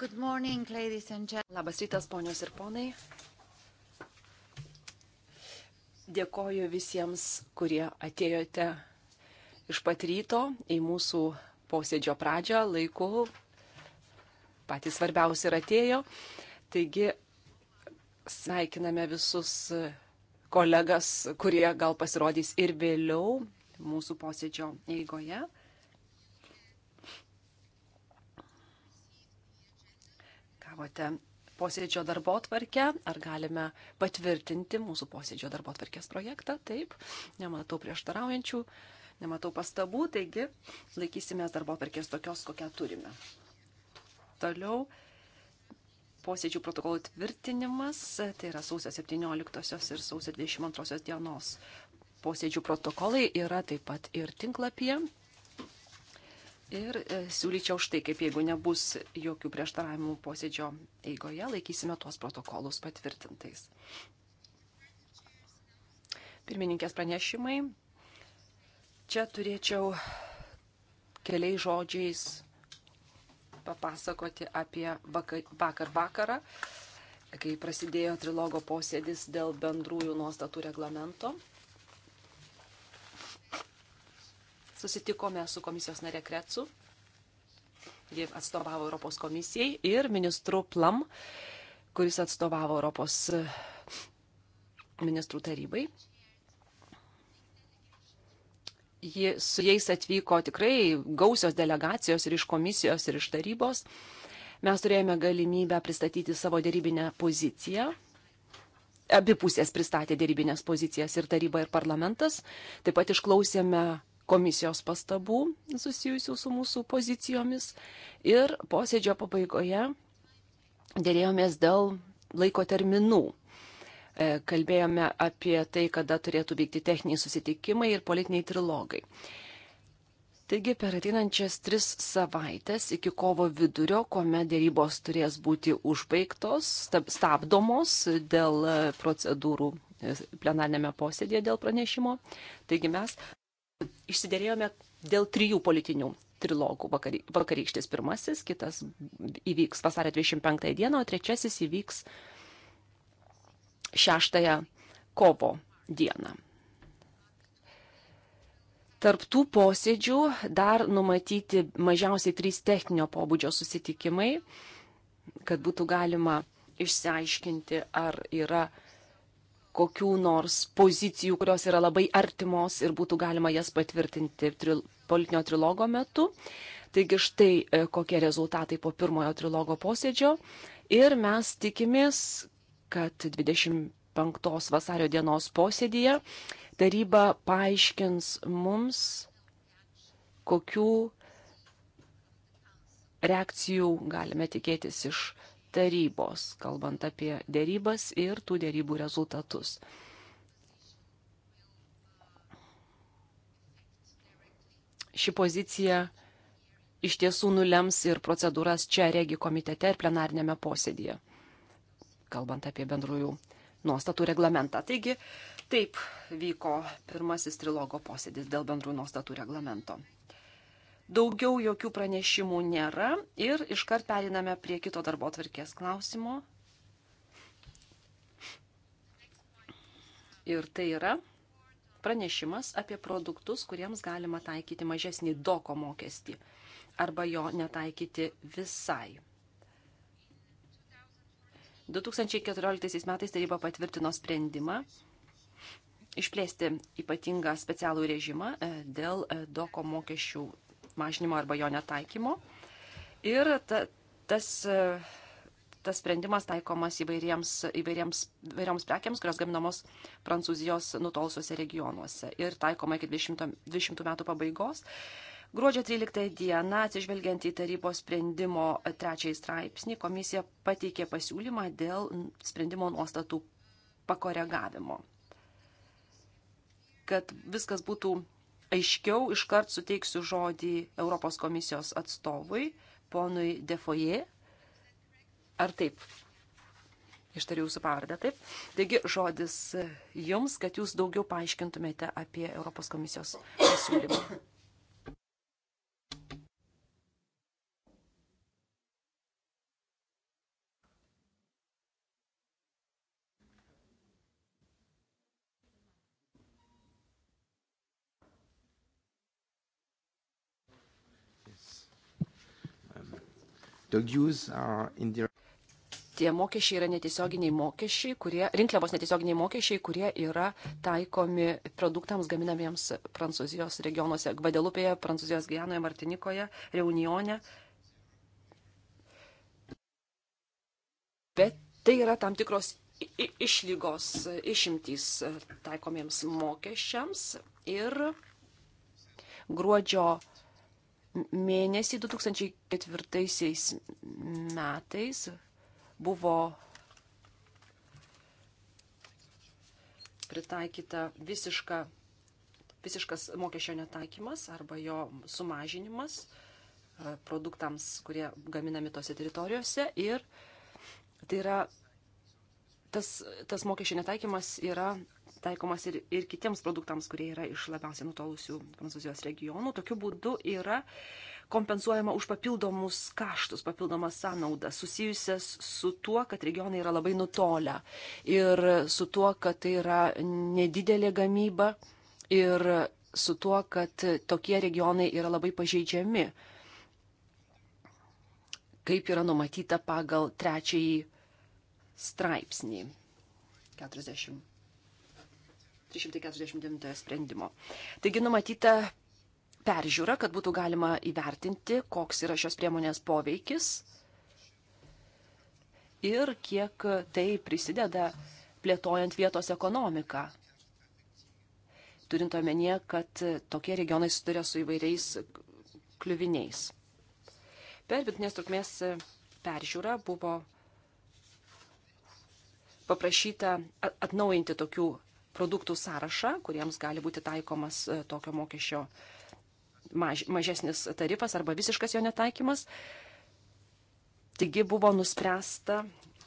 Good morning, ladies and gentlemen. Labas rytas, ponios ir ponai. Dėkoju visiems, kurie atėjote iš pat ryto į mūsų posėdžio pradžią laiku. Patys svarbiausi ir atėjo. Taigi sveikiname visus kolegas, kurie gal pasirodys ir vėliau mūsų posėdžio eigoje. Ja? gavote posėdžio darbo tvarkę, ar galime patvirtinti mūsų posėdžio darbo tvarkės projektą. Taip, nematau prieštaraujančių, nematau pastabų, taigi laikysimės darbo tvarkės tokios, kokią turime. Toliau posėdžių protokolų tvirtinimas, tai yra sausio 17 ir sausio 22 dienos posėdžių protokolai yra taip pat ir tinklapyje, Ir e, siūlyčiau štai, kaip jeigu nebus jokių prieštaravimų posėdžio eigoje, laikysime tuos protokolus patvirtintais. Pirmininkės pranešimai. Čia turėčiau keliais žodžiais papasakoti apie vakar vakarą, kai prasidėjo trilogo posėdis dėl bendrųjų nuostatų reglamento. susitikome su komisijos nare Kretsu, ji atstovavo Europos komisijai ir ministru Plam, kuris atstovavo Europos eh, ministrų tarybai. Ji, su jais atvyko tikrai gausios delegacijos ir iš komisijos, ir iš tarybos. Mes turėjome galimybę pristatyti savo dėrybinę poziciją abi pusės pristatė dėrybinės pozicijas ir taryba, ir parlamentas. Taip pat išklausėme komisijos pastabų susijusių su mūsų pozicijomis ir posėdžio pabaigoje dėrėjomės dėl laiko terminų. E, kalbėjome apie tai, kada turėtų vykti techniniai susitikimai ir politiniai trilogai. Taigi per ateinančias tris savaitės iki kovo vidurio, kuomet dėrybos turės būti užbaigtos, stabdomos dėl procedūrų e, plenarnėme posėdėje dėl pranešimo. Taigi mes išsiderėjome dėl trijų politinių trilogų vakary, vakarykštis pirmasis, kitas įvyks vasario 25 dieną, o trečiasis įvyks 6 kovo dieną. Tarptų posėdžių dar numatyti mažiausiai trys techninio pobūdžio susitikimai, kad būtų galima išsiaiškinti, ar yra kokių nors pozicijų, kurios yra labai artimos ir būtų galima jas patvirtinti tril, politinio trilogo metu. Taigi štai e, kokie rezultatai po pirmojo trilogo posėdžio. Ir mes tikimės, kad 25 vasario dienos posėdėje taryba paaiškins mums, kokių reakcijų galime tikėtis iš tarybos, kalbant apie dėrybas ir tų dėrybų rezultatus. Ši pozicija iš tiesų nulems ir procedūras čia regi komitete ir plenarnėme posėdėje, kalbant apie bendrųjų nuostatų reglamentą. Taigi, taip vyko pirmasis trilogo posėdis dėl bendrų nuostatų reglamento. Daugiau jokių pranešimų nėra ir iškart periname prie kito darbo tvarkės klausimo. Ir tai yra pranešimas apie produktus, kuriems galima taikyti mažesnį doko mokestį arba jo netaikyti visai. 2014 metais taryba patvirtino sprendimą išplėsti ypatingą specialų režimą e, dėl e, doko mokesčių mažinimo arba jo netaikymo. Ir ta, tas, e, tas sprendimas taikomas įvairiems, įvairiems, įvairioms prekiams, kurios gaminamos Prancūzijos nutolusiuose regionuose ir taikoma iki 20, 20 metų pabaigos. Gruodžio 13 dieną, atsižvelgiant į tarybos sprendimo trečiąjį straipsnį, komisija pateikė pasiūlymą dėl sprendimo nuostatų pakoregavimo. Kad viskas būtų aiškiau iškart suteiksiu žodį Europos komisijos atstovui, ponui Defoje. Ar taip? Ištariu jūsų pavardę, taip. Taigi žodis jums, kad jūs daugiau paaiškintumėte apie Europos komisijos pasiūlymą. Tie mokesčiai yra netiesioginiai mokesčiai, kurie, rinkliavos netiesioginiai mokesčiai, kurie yra taikomi produktams gaminamiems Prancūzijos regionuose, Gvadelupėje, Prancūzijos Gijanoje, Martinikoje, Reunione. Bet tai yra tam tikros išlygos, išimtys taikomiems mokesčiams ir gruodžio mėnesį 2004 metais buvo pritaikyta visiška, visiškas mokesčio netaikymas arba jo sumažinimas e, produktams, kurie gaminami tose teritorijose. Ir tai yra tas, tas mokesčio netaikymas yra taikomas ir, ir kitiems produktams, kurie yra iš labiausiai nutolusių Prancūzijos regionų. Tokiu būdu yra kompensuojama už papildomus kaštus, papildomas sąnaudas susijusias su tuo, kad regionai yra labai nutolę ir su tuo, kad tai yra nedidelė gamyba ir su tuo, kad tokie regionai yra labai pažeidžiami, kaip yra numatyta pagal trečiąjį straipsnį 40. 349 sprendimo. Taigi numatyta peržiūra, kad būtų galima įvertinti, koks yra šios priemonės poveikis ir kiek tai prisideda plėtojant vietos ekonomiką. Turint omenyje, kad tokie regionai susiduria su įvairiais kliuviniais. Per vidutinės trukmės peržiūrą buvo paprašyta atnaujinti tokių produktų sąrašą, kuriems gali būti taikomas e, tokio mokesčio maž, mažesnis tarifas arba visiškas jo netaikymas. Taigi buvo nuspręsta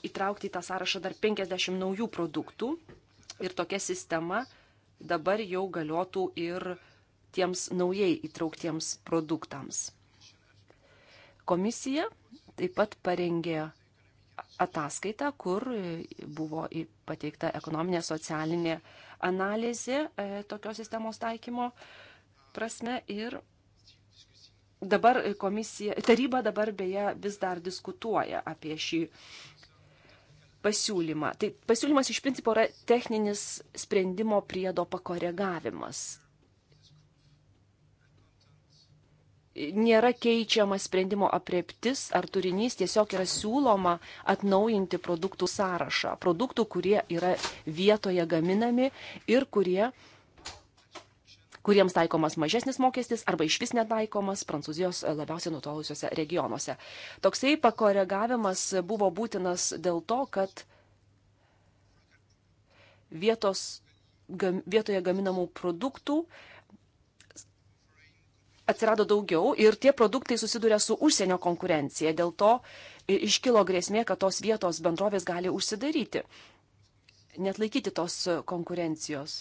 įtraukti į tą sąrašą dar 50 naujų produktų ir tokia sistema dabar jau galiotų ir tiems naujai įtrauktiems produktams. Komisija taip pat parengė ataskaitą, kur buvo pateikta ekonominė, socialinė analizė e, tokios sistemos taikymo prasme. Ir dabar komisija, taryba dabar beje vis dar diskutuoja apie šį pasiūlymą. Tai pasiūlymas iš principo yra techninis sprendimo priedo pakoregavimas. nėra keičiama sprendimo apreptis ar turinys, tiesiog yra siūloma atnaujinti produktų sąrašą. Produktų, kurie yra vietoje gaminami ir kurie kuriems taikomas mažesnis mokestis arba iš vis netaikomas Prancūzijos labiausiai nutolusiuose regionuose. Toksai pakoregavimas buvo būtinas dėl to, kad vietos, gam, vietoje gaminamų produktų uh, atsirado daugiau ir tie produktai susiduria su užsienio konkurencija. Dėl to iškilo grėsmė, kad tos vietos bendrovės gali užsidaryti, net laikyti tos konkurencijos.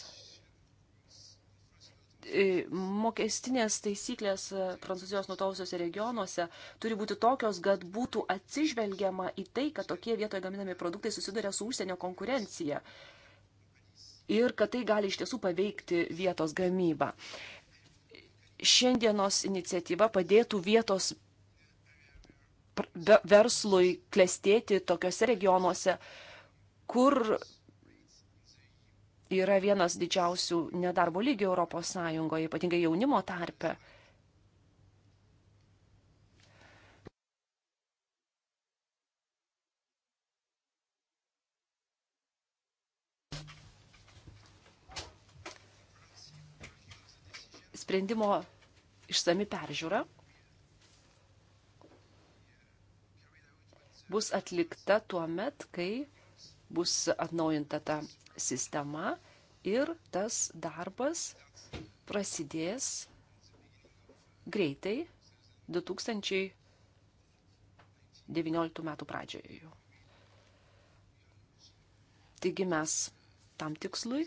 Mokestinės taisyklės e, Prancūzijos nutolusiuose regionuose turi būti tokios, kad būtų atsižvelgiama į tai, kad tokie vietoje gaminami produktai susiduria su užsienio konkurencija ir kad tai gali iš tiesų paveikti vietos gamybą šiandienos iniciatyva padėtų vietos verslui klestėti tokiuose regionuose, kur yra vienas didžiausių nedarbo lygių Europos Sąjungoje, ypatingai jaunimo tarpe. Sprendimo išsami peržiūra bus atlikta tuo met, kai bus atnaujinta ta sistema ir tas darbas prasidės greitai 2019 metų pradžioje jau. Taigi mes tam tikslui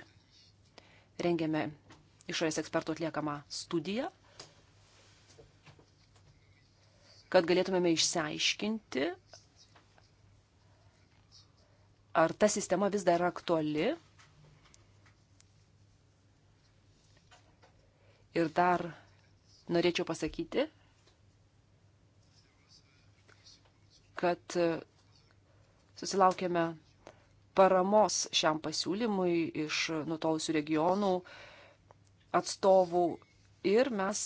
rengiame išorės ekspertų atliekamą studiją kad galėtumėme išsiaiškinti, ar ta sistema vis dar aktuali. Ir dar norėčiau pasakyti, kad susilaukėme paramos šiam pasiūlymui iš nutolusių regionų atstovų ir mes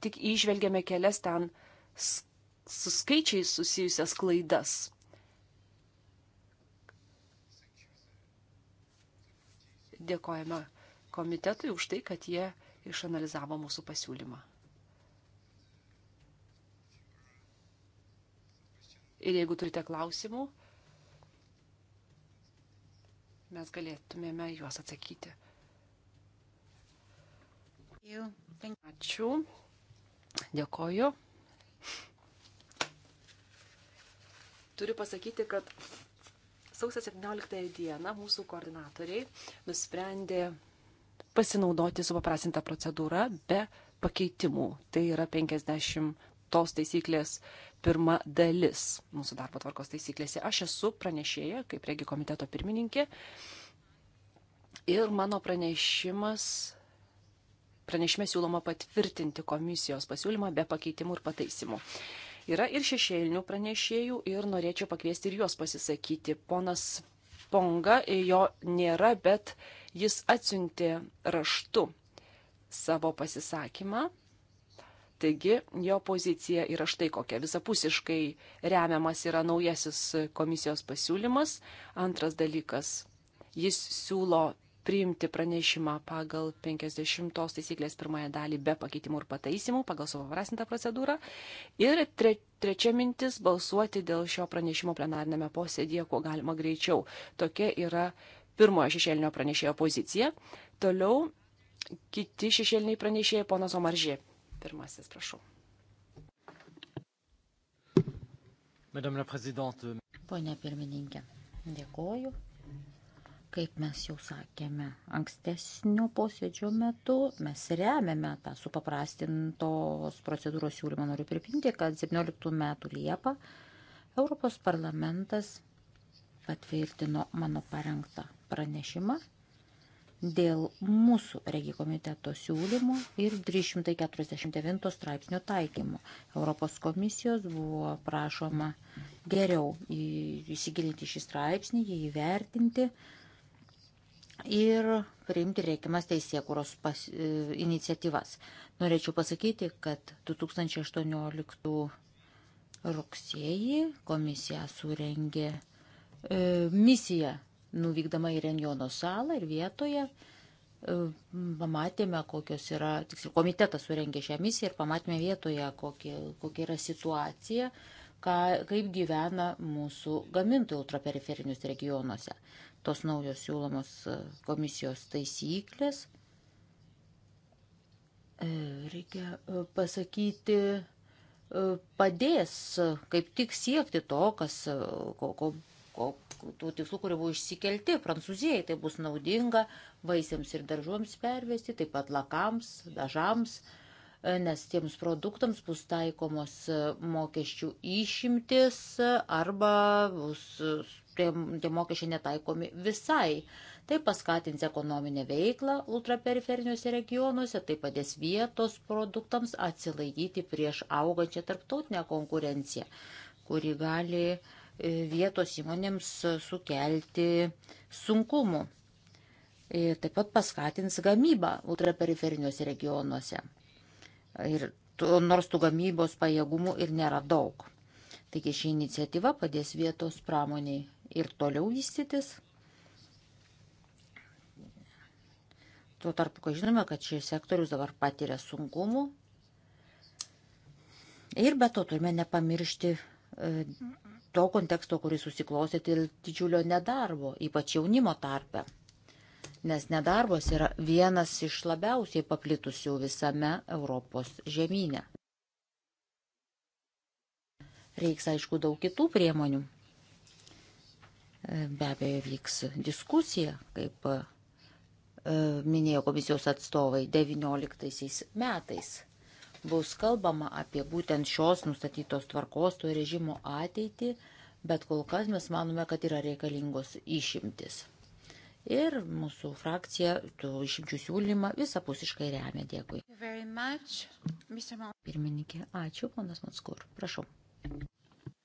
tik išvelgiame kelias ten su skaičiais susijusias klaidas. Dėkojame komitetui už tai, kad jie išanalizavo mūsų pasiūlymą. Ir jeigu turite klausimų, mes galėtumėme juos atsakyti. Ačiū. Dėkoju. Turiu pasakyti, kad sausio 17 dieną mūsų koordinatoriai nusprendė pasinaudoti supaprastintą procedūrą be pakeitimų. Tai yra 50 tos taisyklės pirma dalis mūsų darbo tvarkos taisyklėse. Aš esu pranešėja, kaip regi komiteto pirmininkė, ir mano pranešimas pranešime siūloma patvirtinti komisijos pasiūlymą be pakeitimų ir pataisimų. Yra ir šešėlinių pranešėjų ir norėčiau pakviesti ir juos pasisakyti. Ponas Ponga, jo nėra, bet jis atsiuntė raštu savo pasisakymą. Taigi jo pozicija yra štai kokia. Visapusiškai remiamas yra naujasis komisijos pasiūlymas. Antras dalykas. Jis siūlo priimti pranešimą pagal 50 taisyklės pirmąją dalį be pakeitimų ir pataisimų pagal supaprastintą procedūrą. Ir tre, trečia mintis - balsuoti dėl šio pranešimo plenarinėme posėdėje, kuo galima greičiau. Tokia yra pirmojo šešėlinio pranešėjo pozicija. Toliau kiti šešėliniai pranešėjai, ponas Omaržė. Pirmasis, prašau. Madame la Présidente. Pone pirmininkė, dėkoju. Kaip mes jau sakėme ankstesnio posėdžio metu, mes remiame tą supaprastintos procedūros siūlymą. Noriu pripinti, kad 17 metų Liepą Europos parlamentas patvirtino mano parengtą pranešimą dėl mūsų regijų komiteto siūlymų ir 349 straipsnio taikymo. Europos komisijos buvo prašoma geriau įsigilinti šį straipsnį, jį įvertinti, ir priimti reikiamas teisėkuros pas, e, iniciatyvas. Norėčiau pasakyti, kad 2018 rugsėjį komisija surengė e, misiją nuvykdama į Renjono salą ir vietoje e, pamatėme, kokios yra, tiksliau, komitetas surengė šią misiją ir pamatėme vietoje, kokia, kokia yra situacija, ką, kaip gyvena mūsų gamintojai ultraperiferinius regionuose tos naujos siūlomos e, komisijos taisyklės. E, reikia e, pasakyti, padės kaip tik siekti to, kas, ko, ko, ko, tų tikslų, kurie buvo išsikelti. Prancūzijai tai bus naudinga vaisiams ir daržuoms pervesti, taip pat lakams, dažams, E, nes tiems produktams bus taikomos e, mokesčių išimtis arba bus e, tie, tie mokesčiai netaikomi visai. Tai paskatins ekonominę veiklą ultraperiferiniuose regionuose, tai padės vietos produktams atsilaikyti prieš augančią tarptautinę konkurenciją, kuri gali vietos įmonėms sukelti sunkumų. Ir taip pat paskatins gamybą ultraperiferiniuose regionuose. Ir tu, nors tų gamybos pajėgumų ir nėra daug. Taigi ši iniciatyva padės vietos pramoniai ir toliau vystytis. Tuo tarpu, kai žinome, kad šis sektorius dabar patiria sunkumų. Ir be to turime nepamiršti e, to konteksto, kuris susiklostė dėl didžiulio nedarbo, ypač jaunimo tarpe nes nedarbas yra vienas iš labiausiai paplitusių visame Europos žemynė. Reiks, aišku, daug kitų priemonių. Be abejo, vyks diskusija, kaip e, minėjo komisijos atstovai, 19 metais bus kalbama apie būtent šios nustatytos tvarkos to režimo ateitį, bet kol kas mes manome, kad yra reikalingos išimtis ir mūsų frakcija tų išimčių siūlymą visapusiškai remia. Dėkui. Pirmininkė, ačiū, ponas Matskur. Prašau.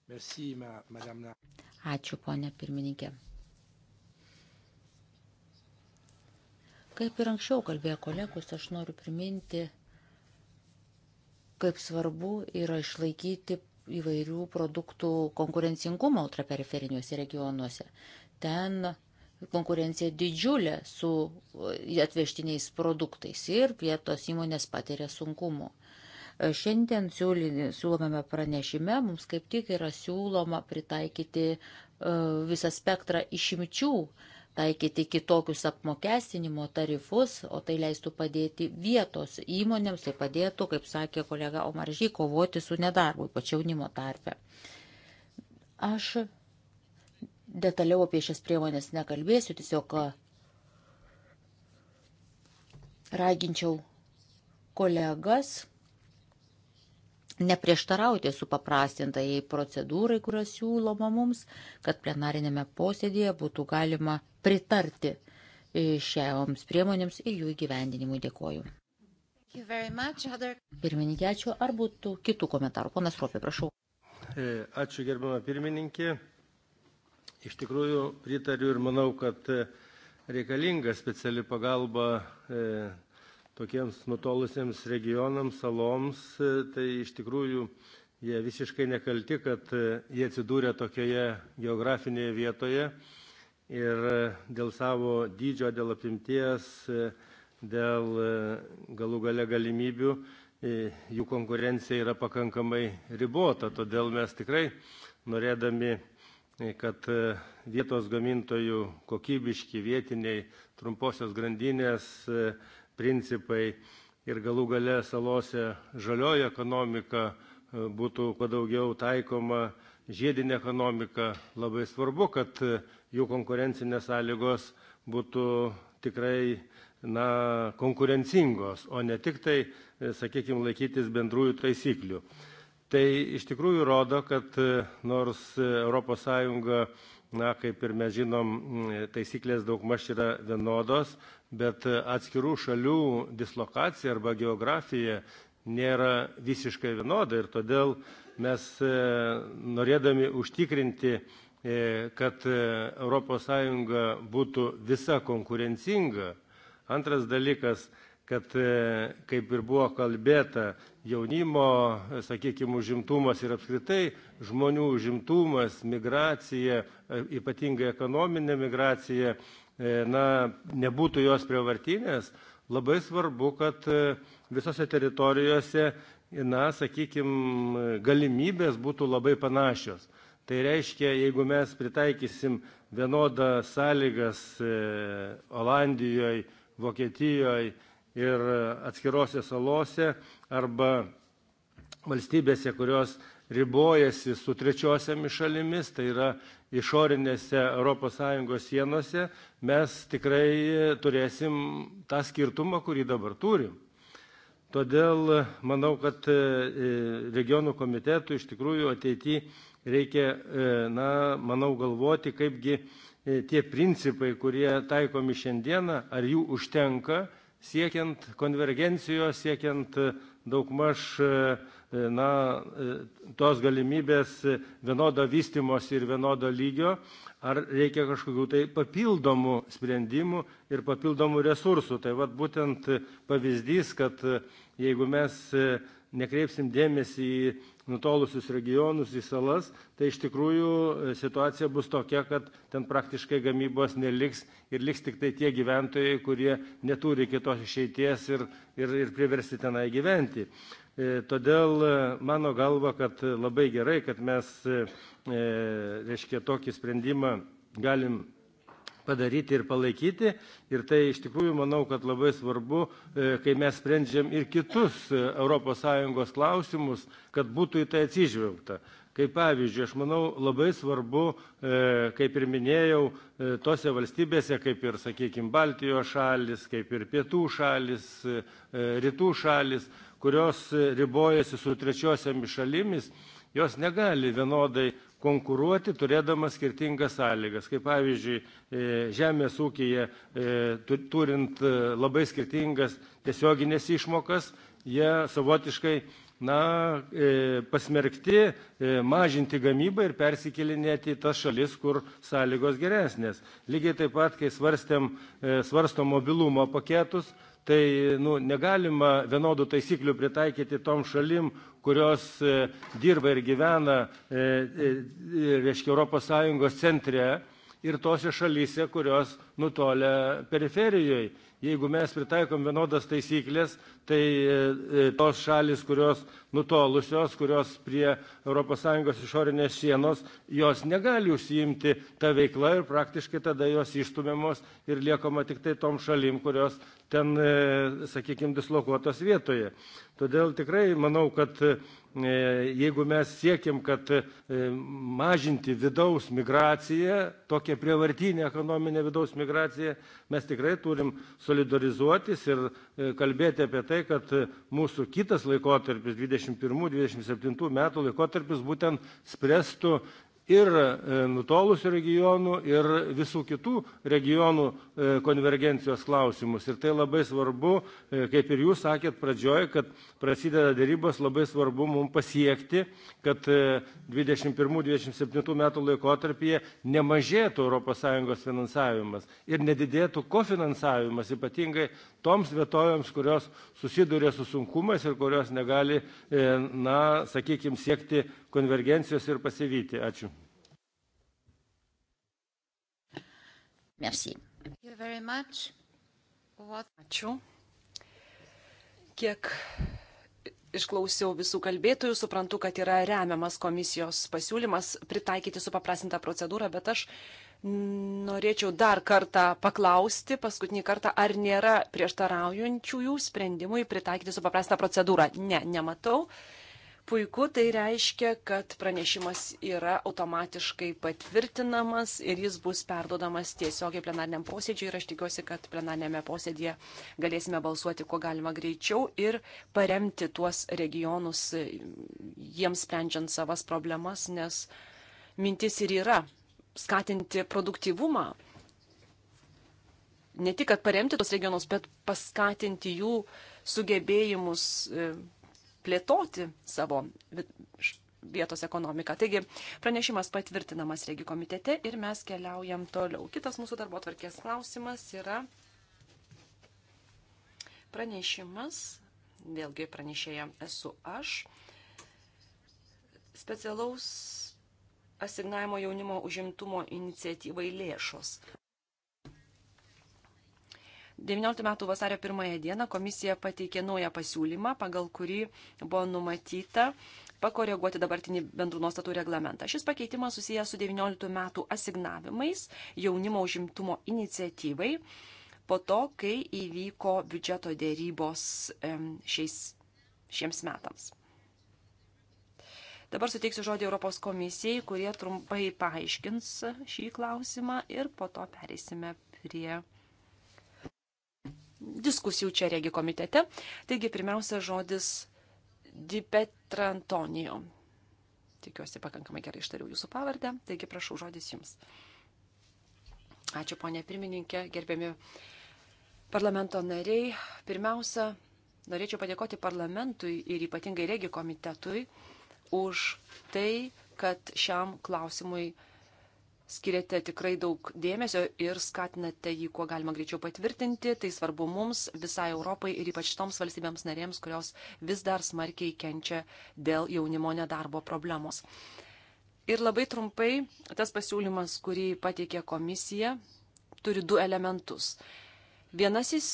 Merci, ma, madame. Ačiū, ponė pirmininkė. Kaip ir anksčiau kalbėjo kolegus, aš noriu priminti, kaip svarbu yra išlaikyti įvairių produktų konkurencingumą ultraperiferiniuose regionuose. Ten konkurencija didžiulė su e, atvežtiniais produktais ir vietos įmonės patiria sunkumų. E, šiandien siūlomame pranešime mums kaip tik yra siūloma pritaikyti e, visą spektrą išimčių, taikyti kitokius apmokestinimo tarifus, o tai leistų padėti vietos įmonėms, tai padėtų, kaip sakė kolega Omaržiai, kovoti su nedarbu, ypač jaunimo tarpe. Aš detaliau apie šias priemonės nekalbėsiu, tiesiog raginčiau kolegas neprieštarauti su paprastintai procedūrai, kurios siūloma mums, kad plenarinėme posėdėje būtų galima pritarti e, šioms priemonėms ir jų įgyvendinimui. Dėkoju. Other... Pirmininkė, ačiū. Ar būtų kitų komentarų? Ponas Ropė, prašau. E, ačiū gerbama pirmininkė. Iš tikrųjų pritariu ir manau, kad e, reikalinga speciali pagalba e, tokiems nutolusiems regionams, saloms. E, tai iš tikrųjų jie visiškai nekalti, kad e, jie atsidūrė tokioje geografinėje vietoje ir e, dėl savo dydžio, dėl apimties, e, dėl e, galų gale galimybių e, jų konkurencija yra pakankamai ribota. Todėl mes tikrai norėdami E, kad e, vietos gamintojų kokybiški vietiniai trumposios grandinės e, principai ir galų gale salose žalioji ekonomika būtų kuo daugiau taikoma žiedinė ekonomika labai svarbu kad jų konkurencinės sąlygos būtų tikrai na konkurencingos o ne tiktai sakykim laikytis bendrųjų taisyklių Tai iš tikrųjų rodo, kad e, nors ES, na, kaip ir mes žinom, e, taisyklės daugmaž yra vienodos, bet e, atskirų šalių dislokacija arba geografija nėra visiškai vienoda ir todėl mes norėdami užtikrinti, kad ES būtų visa konkurencinga. Antras dalykas, kad kaip ir buvo kalbėta, jaunimo, sakykime, užimtumas ir apskritai žmonių užimtumas, migracija, e, ypatingai ekonominė migracija, e, na, nebūtų jos prievartinės, labai svarbu, kad e, visose teritorijose, na, sakykime, galimybės būtų labai panašios. Tai reiškia, jeigu mes pritaikysim vienodą sąlygas Olandijoje, Vokietijoje, ir atskirose salose arba valstybėse, kurios ribojasi su trečiosiamis šalimis, tai yra išorinėse ES sienose, mes tikrai turėsim tą skirtumą, kurį dabar turim. Todėl manau, kad e, regionų komitetų iš tikrųjų ateityje reikia, e, na, manau, galvoti, kaipgi e, tie principai, kurie taikomi šiandieną, ar jų užtenka siekiant konvergencijos, siekiant e, daugmaž e, e, na, tos galimybės vienodo vystimos ir vienodo lygio, ar reikia kažkokių tai papildomų sprendimų ir papildomų resursų. Tai vad būtent pavyzdys, kad jeigu mes nekreipsim dėmesį į nutolusius regionus, į salas, tai iš tikrųjų e, situacija bus tokia, kad ten praktiškai gamybos neliks ir liks tik tai tie gyventojai, kurie neturi kitos išeities ir, ir, ir priversti tenai gyventi. E, todėl e, mano galva, kad labai gerai, kad mes, reiškia, tokį sprendimą galim padaryti ir palaikyti. Ir tai iš tikrųjų manau, kad labai svarbu, e, kai mes sprendžiam ir kitus ES klausimus, kad būtų į tai atsižvelgta. Kaip pavyzdžiui, aš manau labai svarbu, e, kaip ir minėjau, e, tose valstybėse, kaip ir, sakykime, Baltijos šalis, kaip ir pietų šalis, rytų šalis, kurios ribojasi su trečiosiamis šalimis, jos negali vienodai konkuruoti turėdamas skirtingas sąlygas. Kaip pavyzdžiui, e, žemės ūkija e, turint e, labai skirtingas tiesioginės išmokas, jie savotiškai na, pasmerkti mažinti gamybą ir persikėlinėti į tas šalis, kur sąlygos geresnės. Lygiai taip pat, kai svarstėm, svarsto mobilumo paketus, Tai nu, negalima vienodų taisyklių pritaikyti tom šalim, kurios e, dirba ir gyvena, e, e, reiškia, ES centre ir tose šalyse, kurios nutolę periferijoje. Jeigu mes pritaikom vienodas taisyklės, tai e, e, tos šalis, kurios nutolusios, kurios prie ES išorinės sienos, jos negali užsiimti tą veiklą ir praktiškai tada jos ištumiamos ir liekama tik tai tom šalim, kurios ten, e, sakykime, dislokuotos vietoje. Todėl tikrai manau, kad E, jeigu mes siekiam, kad e, mažinti vidaus migraciją, tokią prievartinę ekonominę vidaus migraciją, mes tikrai turim solidarizuotis ir e, kalbėti apie tai, kad mūsų kitas laikotarpis, 21-27 metų laikotarpis, būtent spręstų ir e, nutolusių regionų ir visų kitų regionų e, konvergencijos klausimus. Ir tai labai svarbu, e, kaip ir jūs sakėt pradžioje, kad prasideda dėrybos, labai svarbu mums pasiekti, kad 21-27 metų laikotarpyje nemažėtų ES finansavimas ir nedidėtų kofinansavimas, ypatingai toms vietovėms kurios susiduria su sunkumais ir kurios negali, e, na, sakykime, siekti konvergencijos ir pasivyti. Ačiū. Merci. What... Ačiū. Kiek išklausiau visų kalbėtojų, suprantu, kad yra remiamas komisijos pasiūlymas pritaikyti supaprastintą procedūrą, bet aš Norėčiau dar kartą paklausti, paskutinį kartą, ar nėra prieštaraujančiųjų sprendimui pritaikyti supaprastą procedūrą. Ne, nematau. Puiku, tai reiškia, kad pranešimas yra automatiškai patvirtinamas ir jis bus perdodamas tiesiogiai plenariniam posėdžiui ir aš tikiuosi, kad plenariniame posėdėje galėsime balsuoti kuo galima greičiau ir paremti tuos regionus, jiems sprendžiant savas problemas, nes mintis ir yra skatinti produktyvumą. Ne tik, kad paremti tos regionus, bet paskatinti jų sugebėjimus e, plėtoti savo vietos ekonomiką. Taigi pranešimas patvirtinamas regi komitete ir mes keliaujam toliau. Kitas mūsų darbo tvarkės klausimas yra pranešimas, vėlgi pranešėja esu aš, specialaus asignavimo jaunimo užimtumo iniciatyvai lėšos. 19 metų vasario 1 dieną komisija pateikė naują pasiūlymą, pagal kurį buvo numatyta pakoreguoti dabartinį bendrų nuostatų reglamentą. Šis pakeitimas susijęs su 19 metų asignavimais jaunimo užimtumo iniciatyvai po to, kai įvyko biudžeto dėrybos šiais, šiems metams. Dabar suteiksiu žodį Europos komisijai, kurie trumpai paaiškins šį klausimą ir po to pereisime prie diskusijų čia regi komitete. Taigi pirmiausia žodis Dipetra Antonijo. Tikiuosi pakankamai gerai ištariau jūsų pavardę, taigi prašau žodis jums. Ačiū ponė pirmininkė, gerbiami parlamento nariai. Pirmiausia, norėčiau padėkoti parlamentui ir ypatingai regi komitetui už tai, kad šiam klausimui skiriate tikrai daug dėmesio ir skatinate jį kuo galima greičiau patvirtinti. Tai svarbu mums, visai Europai ir ypač toms valstybėms narėms, kurios vis dar smarkiai kenčia dėl jaunimo nedarbo problemos. Ir labai trumpai, tas pasiūlymas, kurį pateikė komisija, turi du elementus. Vienasis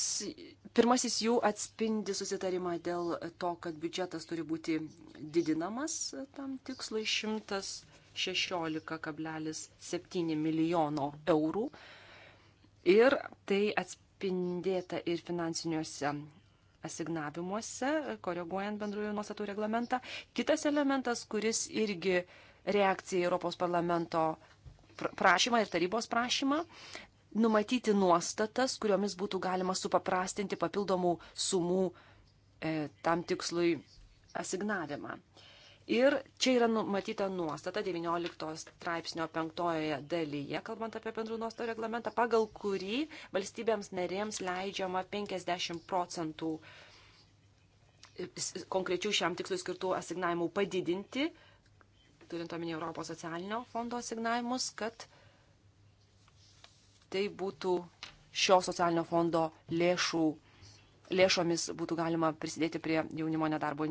Pirmasis jų atspindi susitarimą dėl to, kad biudžetas turi būti didinamas tam tikslui 116,7 milijono eurų. Ir tai atspindėta ir finansiniuose asignavimuose, koreguojant bendrųjų nuostatų reglamentą. Kitas elementas, kuris irgi reakcija į Europos parlamento prašymą ir tarybos prašymą, numatyti nuostatas, kuriomis būtų galima supaprastinti papildomų sumų e, tam tikslui asignavimą. Ir čia yra numatyta nuostata 19 straipsnio 5 dalyje, kalbant apie bendrų nuostatų reglamentą, pagal kurį valstybėms narėms leidžiama 50 procentų e, konkrečių šiam tikslui skirtų asignavimų padidinti, turint omenyje Europos socialinio fondo asignavimus, kad tai būtų šio socialinio fondo lėšų, lėšomis būtų galima prisidėti prie jaunimo nedarbo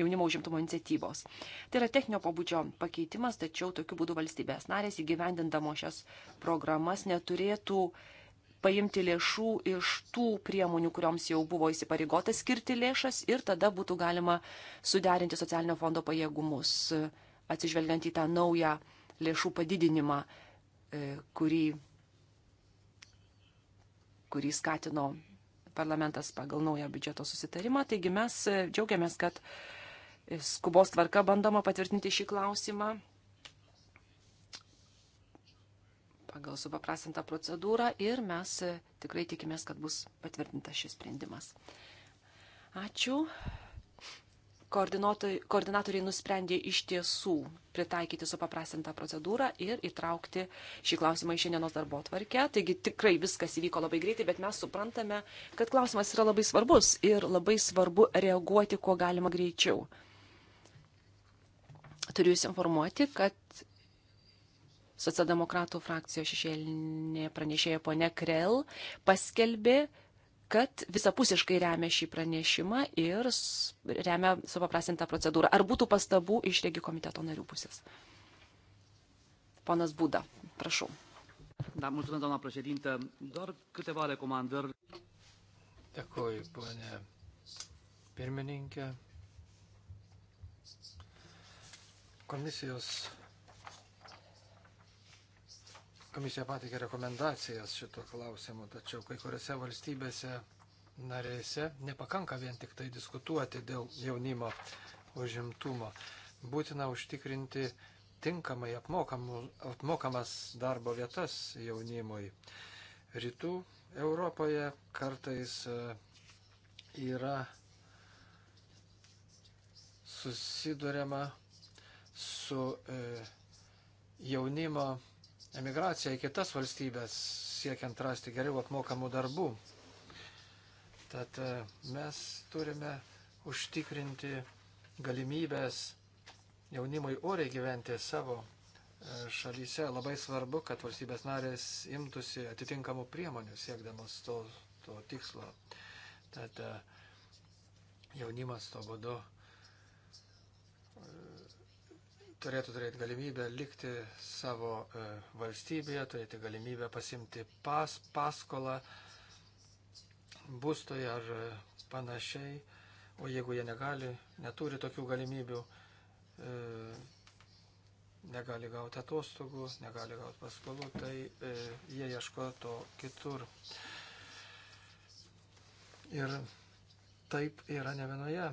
jaunimo užimtumo iniciatyvos. Tai yra techninio pobūdžio pakeitimas, tačiau tokiu būdu valstybės narės įgyvendindamo šias programas neturėtų paimti lėšų iš tų priemonių, kurioms jau buvo įsipareigota skirti lėšas ir tada būtų galima suderinti socialinio fondo pajėgumus, atsižvelgiant į tą naują lėšų padidinimą, e, kurį kurį skatino parlamentas pagal naują biudžeto susitarimą. Taigi mes e, džiaugiamės, kad e, skubos tvarka bandoma patvirtinti šį klausimą pagal supaprastintą procedūrą ir mes e, tikrai tikimės, kad bus patvirtintas šis sprendimas. Ačiū koordinatoriai nusprendė iš tiesų pritaikyti supaprastintą procedūrą ir įtraukti šį klausimą į šiandienos darbo tvarkę. Taigi tikrai viskas įvyko labai greitai, bet mes suprantame, kad klausimas yra labai svarbus ir labai svarbu reaguoti kuo galima greičiau. Turiu Jūs informuoti, kad socialdemokratų frakcijos šešėlinė pranešėja ponė Krell paskelbė kad visapusiškai remia šį pranešimą ir remia supaprastintą procedūrą. Ar būtų pastabų iš regi komiteto narių pusės? Ponas Būda, prašau. Da, mulțumesc, doamna președintă. Doar câteva recomandări. Dėkuoju, ponė pirmininkė. Komisijos Komisija patikė rekomendacijas šito klausimu, tačiau kai kuriuose valstybėse narėse nepakanka vien tik tai diskutuoti dėl jaunimo užimtumo. Būtina užtikrinti tinkamai apmokamas darbo vietas jaunimui. Rytų Europoje kartais e, yra susidurima su e, jaunimo emigraciją į kitas valstybės, siekiant rasti geriau apmokamų darbų. Tad e, mes turime užtikrinti galimybės jaunimui oriai gyventi savo e, šalyse. Labai svarbu, kad valstybės narės imtųsi atitinkamų priemonių siekdamas to, to tikslo. Tad e, jaunimas to būdu turėtų turėti galimybę likti savo e, valstybėje, turėti galimybę pasimti pas, paskolą būstui ar e, panašiai. O jeigu jie negali, neturi tokių galimybių, e, negali gauti atostogų, negali gauti paskolų, tai e, jie ieško to kitur. Ir taip yra ne vienoje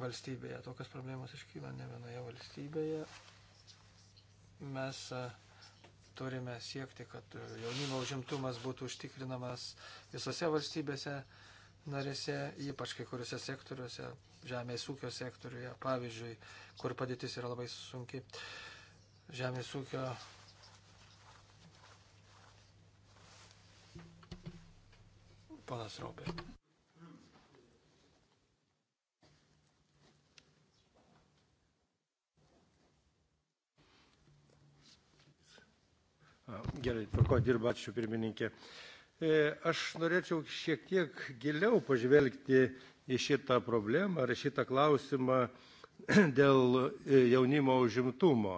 valstybėje. Tokios problemos iškyla ne vienoje valstybėje. Mes e, turime siekti, kad e, jaunimo užimtumas būtų užtikrinamas visose valstybėse narėse, ypač kai kuriuose sektoriuose, žemės ūkio sektoriuje, pavyzdžiui, kur padėtis yra labai sunki. Žemės ūkio ponas Robė. Gerai, tvarko dirba, ačiū pirmininkė. E, aš norėčiau šiek tiek giliau pažvelgti į šitą problemą ar šitą klausimą dėl e, jaunimo užimtumo.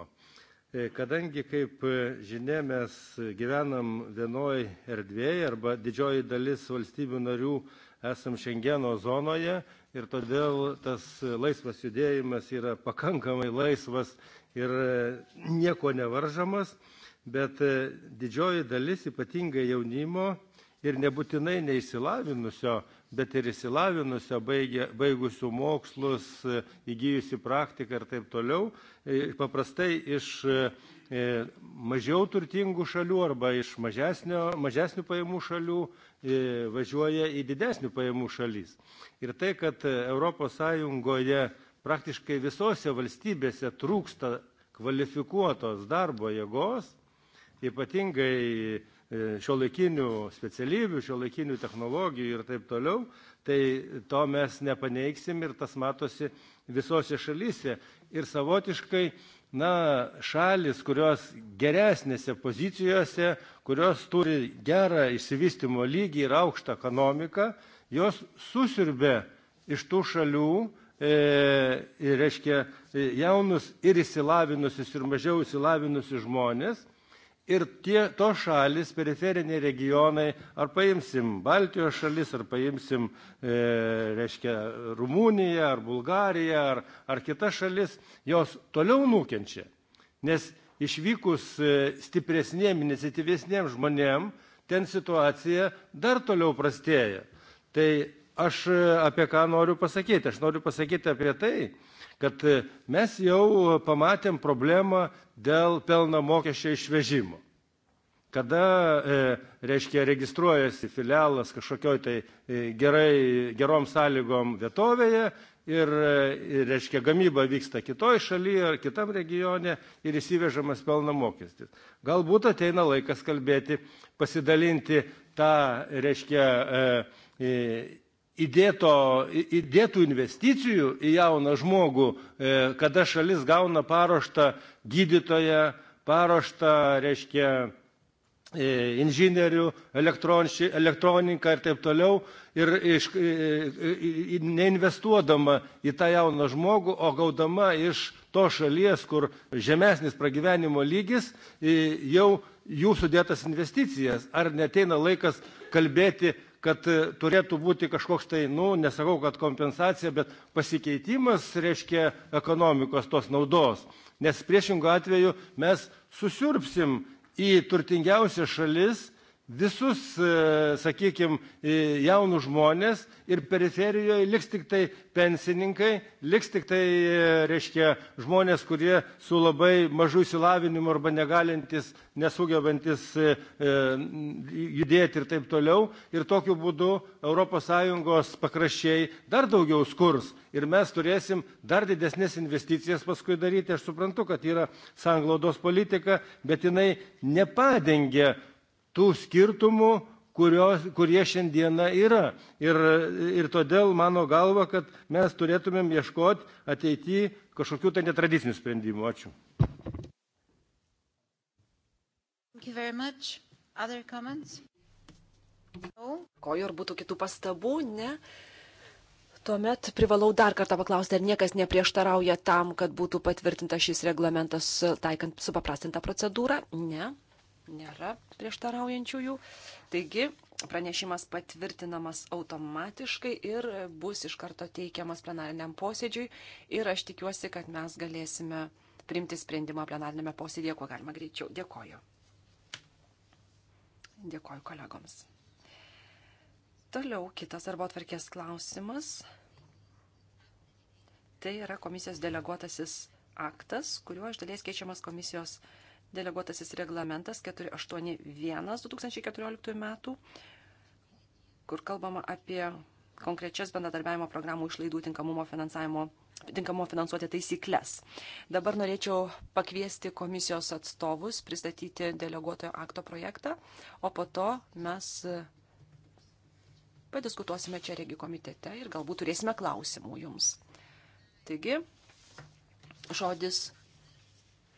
E, kadangi, kaip žinia, mes gyvenam vienoj erdvėje arba didžioji dalis valstybių narių esam Šengeno zonoje ir todėl tas laisvas judėjimas yra pakankamai laisvas ir nieko nevaržamas bet e, didžioji dalis ypatingai jaunimo ir nebūtinai neišsilavinusio bet ir išsilavinusio baigė, baigusių mokslus, e, įgyjusių praktiką ir taip toliau, e, paprastai iš mažiau turtingų šalių arba iš mažesnio, mažesnių pajamų šalių važiuoja į didesnių pajamų šalis. Ir tai, kad ES praktiškai visose valstybėse trūksta kvalifikuotos darbo jėgos, ypatingai e, šiuolaikinių specialybių, šiuolaikinių technologijų ir taip toliau, tai to mes nepaneiksim ir tas matosi visose šalyse. Ir savotiškai, na, šalis, kurios geresnėse pozicijose, kurios turi gerą išsivystimo lygį ir aukštą ekonomiką, jos susirbė iš tų šalių e, ir reiškia e, jaunus ir įsilavinusius ir mažiau įsilavinusius žmonės ir tie, to šalis, periferiniai regionai, ar paimsim Baltijos šalis, ar paimsim, e, reiškia, Rumuniją, ar Bulgariją, ar, ar kitas šalis, jos toliau nukenčia. Nes išvykus e, stipresniem, iniciatyvesniem žmonėm, ten situacija dar toliau prastėja. Tai aš e, apie ką noriu pasakyti? Aš noriu pasakyti apie tai, kad e, mes jau pamatėm problemą dėl pelno mokesčio išvežimo. Kada, e, reiškia, registruojasi filialas kažkokioj tai e, gerai, gerom sąlygom vietovėje ir, reiškia, gamyba vyksta kitoj šalyje ar kitam regione ir įsivežamas pelno mokestis. Galbūt ateina laikas kalbėti, pasidalinti tą, reiškia, įdėto, įdėtų investicijų į jauną žmogų, e, kada šalis gauna paruoštą gydytoją, paruoštą, reiškia, e, inžinierių, elektroniką ir taip toliau, ir iš, e, neinvestuodama į tą jauną žmogų, o gaudama iš to šalies, kur žemesnis pragyvenimo lygis, jau jų sudėtas investicijas. Ar neteina laikas kalbėti kad e, turėtų būti kažkoks tai nu nesakau kad kompensacija bet pasikeitimas reiškia ekonomikos tos naudos nes priešingu atveju mes susiurbsim į turtingiausias šalis visus, e, sakykime, jaunus žmonės ir periferijoje liks tik tai pensininkai, liks tik tai, e, reiškia, žmonės, kurie su labai mažu įsilavinimu arba negalintis, nesugebantis e, judėti ir taip toliau. Ir tokiu būdu ES pakraščiai dar daugiau skurs ir mes turėsim dar didesnės investicijas paskui daryti. Aš suprantu, kad yra sanglaudos politika, bet jinai nepadengia tų skirtumų, kurios, kurie šiandieną yra. Ir, ir todėl mano galva, kad mes turėtumėm ieškoti ateityje kažkokių tai netradicinių sprendimų. Ačiū. Ko ir būtų kitų pastabų, ne? Tuomet privalau dar kartą paklausti, ar niekas neprieštarauja tam, kad būtų patvirtintas šis reglamentas taikant supaprastintą procedūrą? Ne. Nėra prieštaraujančiųjų. Taigi, pranešimas patvirtinamas automatiškai ir bus iš karto teikiamas plenariniam posėdžiui. Ir aš tikiuosi, kad mes galėsime priimti sprendimą plenarinėme posėdėje, kuo galima greičiau. Dėkoju. Dėkoju kolegoms. Toliau kitas arba atvarkės klausimas. Tai yra komisijos deleguotasis aktas, kuriuo iš dalies keičiamas komisijos deleguotasis deleguotasis reglamentas 481-2014 metų, kur kalbama apie konkrečias bendradarbiavimo programų išlaidų tinkamumo finansavimo tinkamo finansuoti taisyklės. Dabar norėčiau pakviesti komisijos atstovus pristatyti deleguotojo akto projektą, o po to mes padiskutuosime čia regi komitete ir galbūt turėsime klausimų jums. Taigi, žodis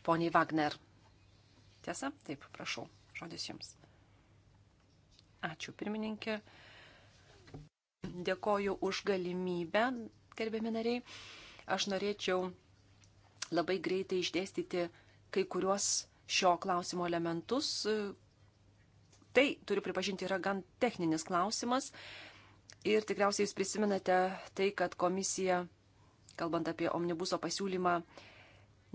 poniai Wagner. Tiesa? Taip, prašau. Žodis jums. Ačiū, pirmininkė. Dėkoju už galimybę, gerbiami nariai. Aš norėčiau labai greitai išdėstyti kai kuriuos šio klausimo elementus. Tai, turiu pripažinti, yra gan techninis klausimas. Ir tikriausiai jūs prisimenate tai, kad komisija, kalbant apie omnibuso pasiūlymą,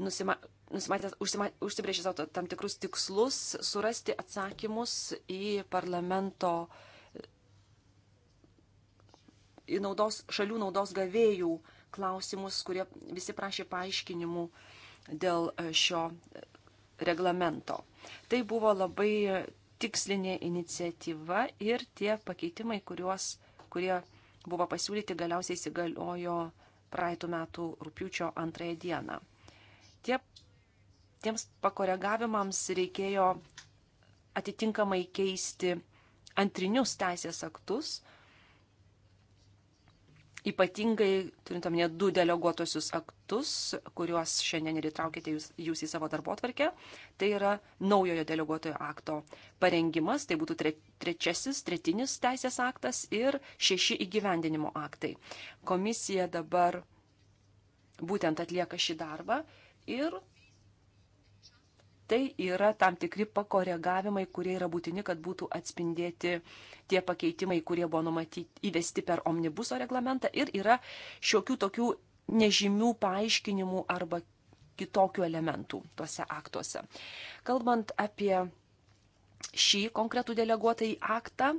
nusima, užsibrėžė savo tam tikrus tikslus surasti atsakymus į parlamento, į naudos, šalių naudos gavėjų klausimus, kurie visi prašė paaiškinimų dėl e, šio e, reglamento. Tai buvo labai tikslinė iniciatyva ir tie pakeitimai, kuriuos, kurie buvo pasiūlyti, galiausiai įsigaliojo praeitų metų rūpiučio antrąją dieną. Tie tiems pakoregavimams reikėjo atitinkamai keisti antrinius teisės aktus, ypatingai turint omenyje du deleguotosius aktus, kuriuos šiandien ir įtraukėte jūs, jūs į savo darbo atvarkę, tai yra naujojo deleguotojo akto parengimas, tai būtų tre, trečiasis, tretinis teisės aktas ir šeši įgyvendinimo aktai. Komisija dabar būtent atlieka šį darbą ir Tai yra tam tikri pakoregavimai, kurie yra būtini, kad būtų atspindėti tie pakeitimai, kurie buvo numatyti įvesti per omnibuso reglamentą ir yra šiokių tokių nežymių paaiškinimų arba kitokių elementų tuose aktuose. Kalbant apie šį konkretų deleguotąjį aktą,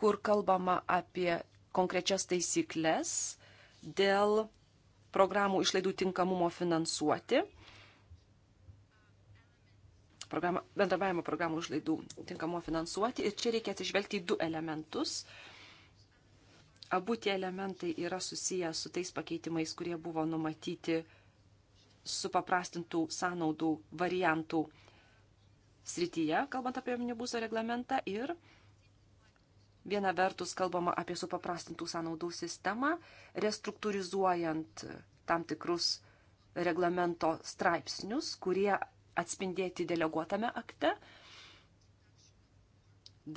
kur kalbama apie konkrečias taisyklės dėl programų išlaidų tinkamumo finansuoti programą, bendrabiavimo programų užlaidų tinkamo finansuoti. Ir čia reikia atsižvelgti į du elementus. Abu tie elementai yra susiję su tais pakeitimais, kurie buvo numatyti su paprastintų sąnaudų variantų srityje, kalbant apie omnibusą reglamentą. Ir viena vertus kalbama apie supaprastintų sąnaudų sistemą, restruktūrizuojant tam tikrus reglamento straipsnius, kurie atspindėti deleguotame akte,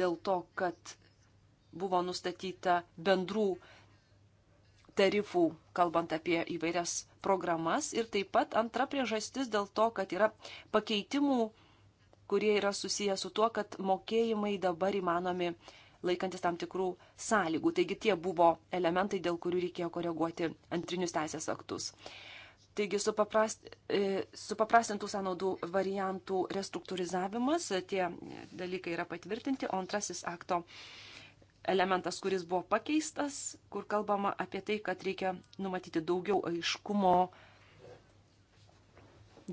dėl to, kad buvo nustatyta bendrų tarifų, kalbant apie įvairias programas. Ir taip pat antra priežastis dėl to, kad yra pakeitimų, kurie yra susiję su tuo, kad mokėjimai dabar įmanomi laikantis tam tikrų sąlygų. Taigi tie buvo elementai, dėl kurių reikėjo koreguoti antrinius teisės aktus. Taigi e, supaprastintų sąnaudų variantų restruktūrizavimas, e, tie dalykai yra patvirtinti, o antrasis akto elementas, kuris buvo pakeistas, kur kalbama apie tai, kad reikia numatyti daugiau aiškumo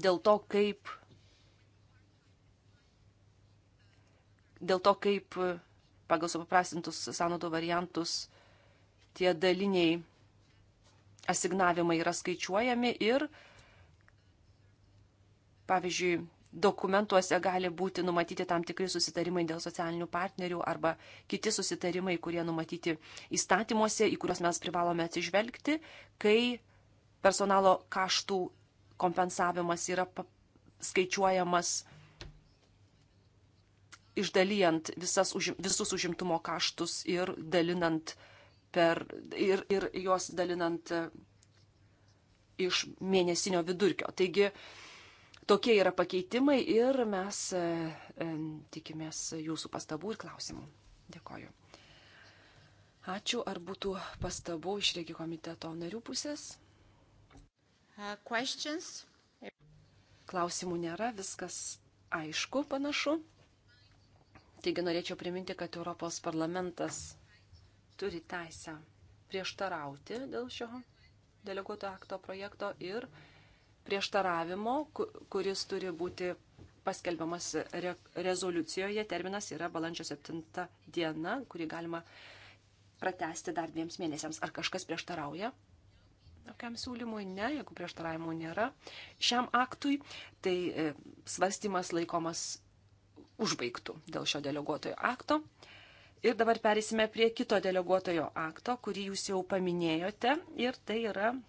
dėl to, kaip, dėl to, kaip pagal supaprastintus sąnaudų variantus tie daliniai asignavimai yra skaičiuojami ir, pavyzdžiui, dokumentuose gali būti numatyti tam tikri susitarimai dėl socialinių partnerių arba kiti susitarimai, kurie numatyti įstatymuose, į kuriuos mes privalome atsižvelgti, kai personalo kaštų kompensavimas yra skaičiuojamas išdalijant visas, visus užimtumo kaštus ir dalinant uh, per, ir, ir juos dalinant e, iš mėnesinio vidurkio. Taigi tokie yra pakeitimai ir mes e, e, tikimės jūsų pastabų ir klausimų. Dėkoju. Ačiū, ar būtų pastabų iš Regi komiteto narių pusės? Uh, questions? Klausimų nėra, viskas aišku panašu. Taigi norėčiau priminti, kad Europos parlamentas turi teisę prieštarauti dėl šio deleguoto akto projekto ir prieštaravimo, kuris turi būti paskelbiamas re rezoliucijoje. Terminas yra balandžio 7 diena, kurį galima pratesti dar dviems mėnesiams. Ar kažkas prieštarauja? Tokiam siūlymui ne, jeigu prieštaravimų nėra. Šiam aktui tai e, svarstymas laikomas užbaigtų dėl šio deleguotojo akto. Ir dabar perėsime prie kito deleguotojo akto, kurį jūs jau paminėjote. Ir tai yra e,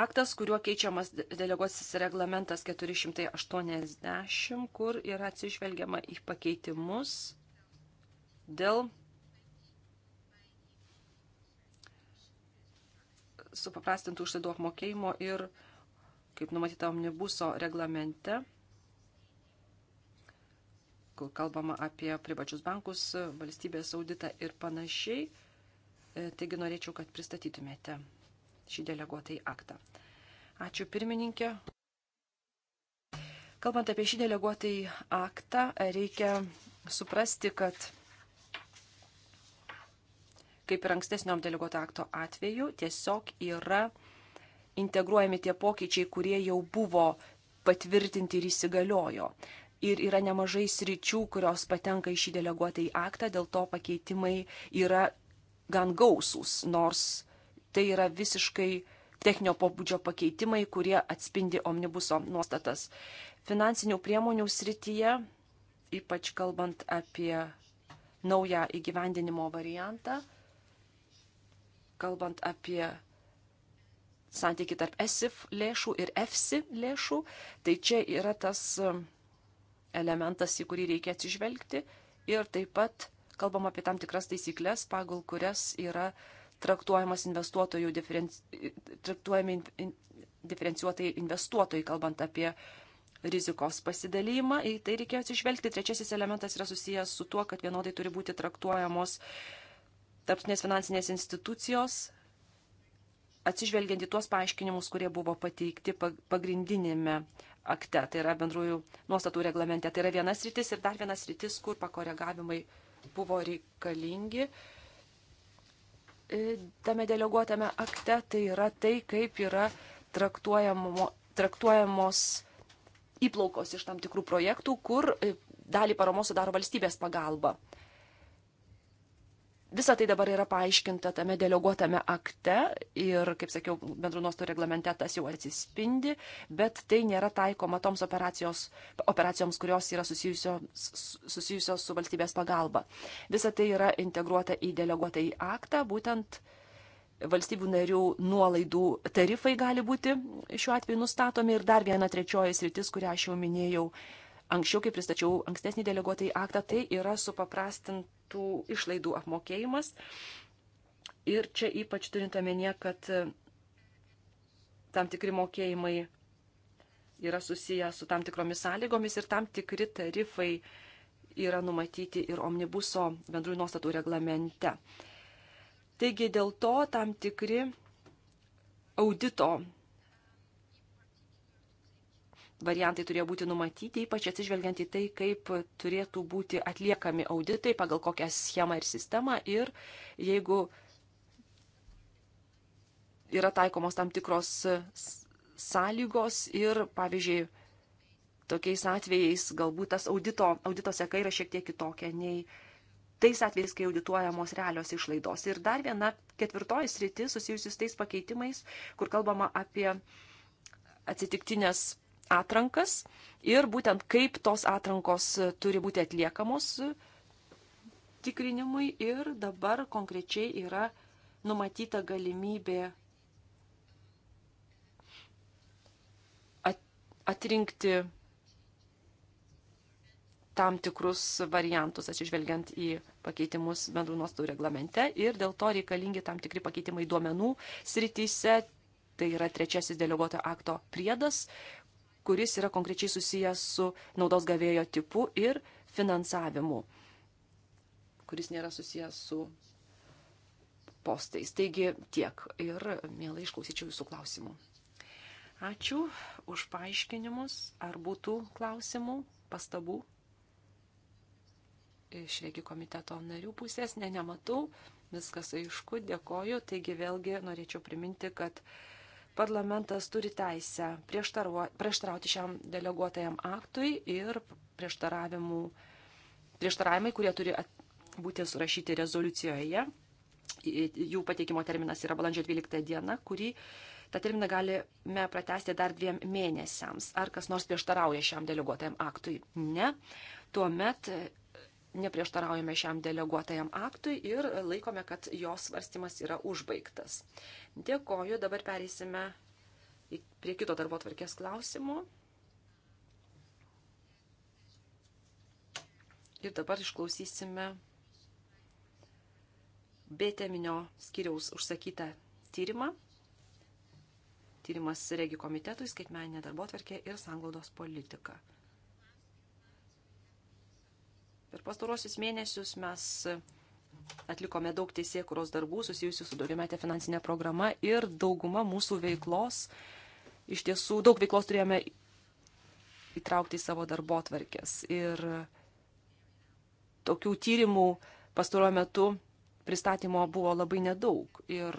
aktas, kuriuo keičiamas deleguosis reglamentas 480, kur yra atsižvelgiama į pakeitimus dėl supaprastintų užsidų apmokėjimo ir, kaip numatyta omnibuso reglamente, kur kalbama apie privačius bankus, valstybės auditą ir panašiai. E, taigi norėčiau, kad pristatytumėte šį deleguotą į aktą. Ačiū pirmininkė. Kalbant apie šį deleguotą į aktą, reikia suprasti, kad kaip ir ankstesniom deleguoto akto atveju, tiesiog yra integruojami tie pokyčiai, kurie jau buvo patvirtinti ir įsigaliojo ir yra nemažai sričių, kurios patenka į šį deleguotą į aktą, dėl to pakeitimai yra gan gausūs, nors tai yra visiškai techninio pobūdžio pakeitimai, kurie atspindi omnibuso nuostatas. Finansinių priemonių srityje, ypač kalbant apie naują įgyvendinimo variantą, kalbant apie santyki tarp ESIF lėšų ir EFSI lėšų, tai čia yra tas elementas, į kurį reikia atsižvelgti. Ir taip pat kalbam apie tam tikras taisyklės, pagal kurias yra traktuojamas investuotojų diferenci... traktuojami in... diferencijuotai investuotojai, kalbant apie rizikos pasidalymą. Į tai reikėjo atsižvelgti. Trečiasis elementas yra susijęs su tuo, kad vienodai turi būti traktuojamos tarptautinės finansinės institucijos, atsižvelgiant į tuos paaiškinimus, kurie buvo pateikti pagrindinėme akte, tai yra bendrųjų nuostatų reglamente. Tai yra vienas rytis ir dar vienas rytis, kur pakoregavimai buvo reikalingi e, tame deleguotame akte, tai yra tai, kaip yra traktuojamo, traktuojamos įplaukos iš tam tikrų projektų, kur e, dalį paramos sudaro valstybės pagalba. Visa tai dabar yra paaiškinta tame deleguotame akte ir, kaip sakiau, bendru nuostų reglamente tas jau atsispindi, bet tai nėra taikoma toms operacijoms, kurios yra susijusios, susijusios su valstybės pagalba. Visa tai yra integruota į deleguotą į aktą, būtent valstybių narių nuolaidų tarifai gali būti šiuo atveju nustatomi ir dar viena trečioji sritis, kurią aš jau minėjau, Anksčiau, kai pristačiau ankstesnį deleguotą į aktą, tai yra supaprastintų išlaidų apmokėjimas. Ir čia ypač turint omenyje, kad e, tam tikri mokėjimai yra susiję su tam tikromis sąlygomis ir tam tikri tarifai yra numatyti ir omnibuso bendrųjų nuostatų reglamente. Taigi dėl to tam tikri audito variantai turėjo būti numatyti, ypač atsižvelgiant į tai, kaip turėtų būti atliekami auditai, pagal kokią schemą ir sistemą ir jeigu yra taikomos tam tikros sąlygos ir, pavyzdžiui, tokiais atvejais galbūt tas audito, audito seka yra šiek tiek kitokia nei tais atvejais, kai audituojamos realios išlaidos. Ir dar viena ketvirtoji sritis susijusi su tais pakeitimais, kur kalbama apie atsitiktinės atrankas ir būtent kaip tos atrankos e, turi būti atliekamos e, tikrinimui ir dabar konkrečiai yra numatyta galimybė atrinkti tam tikrus variantus, atsižvelgiant į pakeitimus bendrų nuostų reglamente ir dėl to reikalingi tam tikri pakeitimai duomenų srityse. Tai yra trečiasis deleguoto akto priedas, kuris yra konkrečiai susijęs su naudos gavėjo tipu ir finansavimu, kuris nėra susijęs su postais. Taigi tiek ir mielai išklausyčiau jūsų klausimų. Ačiū už paaiškinimus. Ar būtų klausimų, pastabų? Iš regi komiteto narių pusės, ne, nematau, viskas aišku, dėkoju. Taigi vėlgi norėčiau priminti, kad parlamentas turi teisę prieštarauti šiam deleguotajam aktui ir prieštaravimai, kurie turi būti surašyti rezoliucijoje. Jų pateikimo terminas yra balandžio 12 diena, kurį tą terminą galime pratesti dar dviem mėnesiams. Ar kas nors prieštarauja šiam deleguotajam aktui? Ne. Tuomet neprieštaraujame šiam deleguotajam aktui ir laikome, kad jos svarstymas yra užbaigtas. Dėkoju, dabar pereisime prie kito darbo tvarkės klausimų. Ir dabar išklausysime B-teminio skyriaus užsakytą tyrimą. Tyrimas regi komitetui, skaitmeninė darbo tvarkė ir sanglaudos politika. Per pastarosius mėnesius mes atlikome daug teisėkuros darbų susijusių su daugiametė finansinė programa ir dauguma mūsų veiklos, iš tiesų daug veiklos turėjome įtraukti į savo darbo atvarkės. Ir tokių tyrimų pastaruoju metu pristatymo buvo labai nedaug. Ir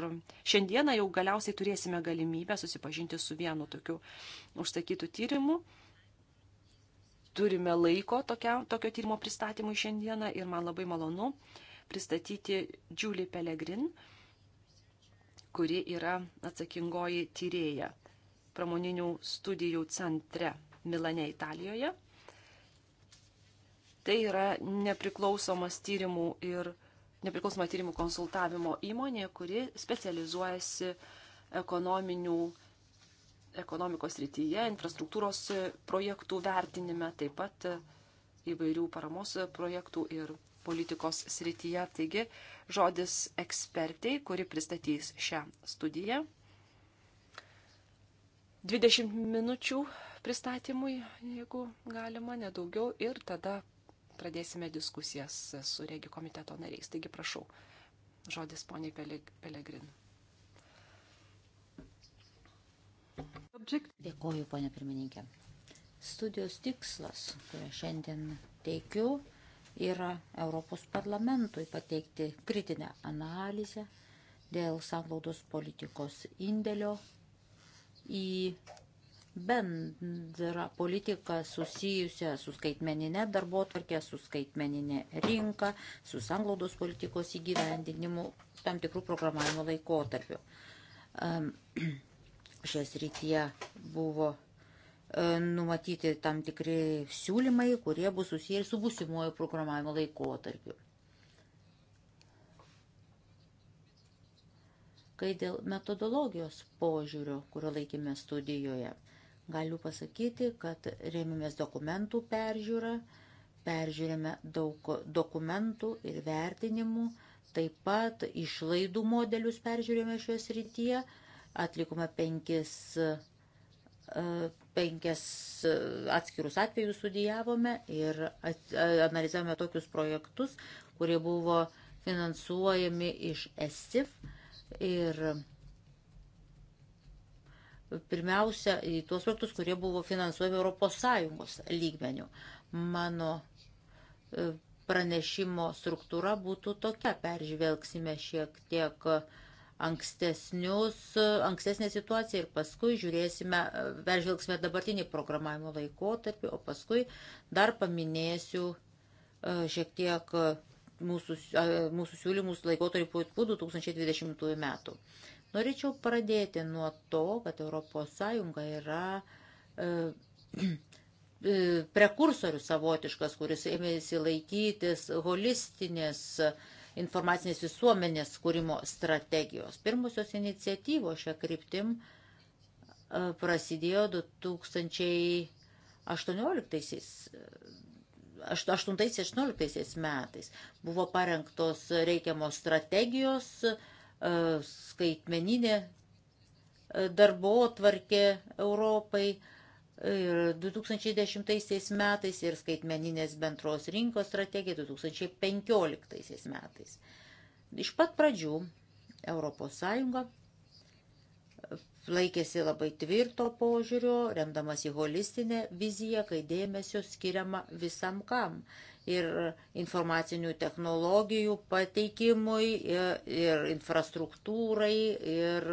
šiandieną jau galiausiai turėsime galimybę susipažinti su vienu tokiu užsakytų tyrimu turime laiko tokia, tokio tyrimo pristatymui šiandieną ir man labai malonu pristatyti Julie Pelegrin, kuri yra atsakingoji tyrėja pramoninių studijų centre Milane, Italijoje. Tai yra nepriklausomas tyrimų ir nepriklausoma tyrimų konsultavimo įmonė, kuri specializuojasi ekonominių ekonomikos rytyje, infrastruktūros projektų vertinime, taip pat e, įvairių paramos projektų ir politikos srityje. Taigi žodis ekspertai, kuri pristatys šią studiją. 20 minučių pristatymui, jeigu galima, nedaugiau, ir tada pradėsime diskusijas su regi komiteto nariais. Taigi prašau, žodis poniai Pelegrin. Dėkoju, ponė pirmininkė. Studijos tikslas, kurią šiandien teikiu, yra Europos parlamentui pateikti kritinę analizę dėl sanglaudos politikos indėlio į bendrą politiką susijusią su skaitmeninė darbo tvarkė, su skaitmeninė rinka, su sanglaudos politikos įgyvendinimu tam tikrų programavimo laikotarpių. Ehm, šias rytyje buvo e, numatyti tam tikri siūlymai, kurie bus susiję su būsimuoju programavimo laikotarpiu. Kai dėl metodologijos požiūrio, kurio laikėme studijoje, galiu pasakyti, kad rėmėmės dokumentų peržiūrą, peržiūrėme daug dokumentų ir vertinimų, taip pat išlaidų modelius peržiūrėjome šioje srityje atlikome penkis, e, penkis atskirus atvejus studijavome ir e, analizavome tokius projektus, kurie buvo finansuojami iš ESIF ir pirmiausia į tuos projektus, kurie buvo finansuojami ES lygmenių. Mano e, pranešimo struktūra būtų tokia, peržvelgsime šiek tiek uh, ankstesnę situaciją ir paskui žiūrėsime, peržvelgsime dabartinį programavimo laikotarpį, o paskui dar paminėsiu e, šiek tiek e, mūsų, e, mūsų siūlymus laikotarpį po 2020 metų. Norėčiau pradėti nuo to, kad ES yra e, prekursorius savotiškas, kuris ėmėsi laikytis holistinės e, informacinės visuomenės kūrimo strategijos. Pirmusios iniciatyvos šią kryptim e, prasidėjo 2018-2018 e, metais. Buvo parengtos reikiamos strategijos, e, skaitmeninė darbo tvarkė Europai Ir 2010 metais ir skaitmeninės bendros rinkos strategija 2015 metais. Iš pat pradžių ES laikėsi labai tvirto požiūrio, remdamas į holistinę viziją, kai dėmesio skiriama visam kam. Ir informacinių technologijų pateikimui, ir, ir infrastruktūrai, ir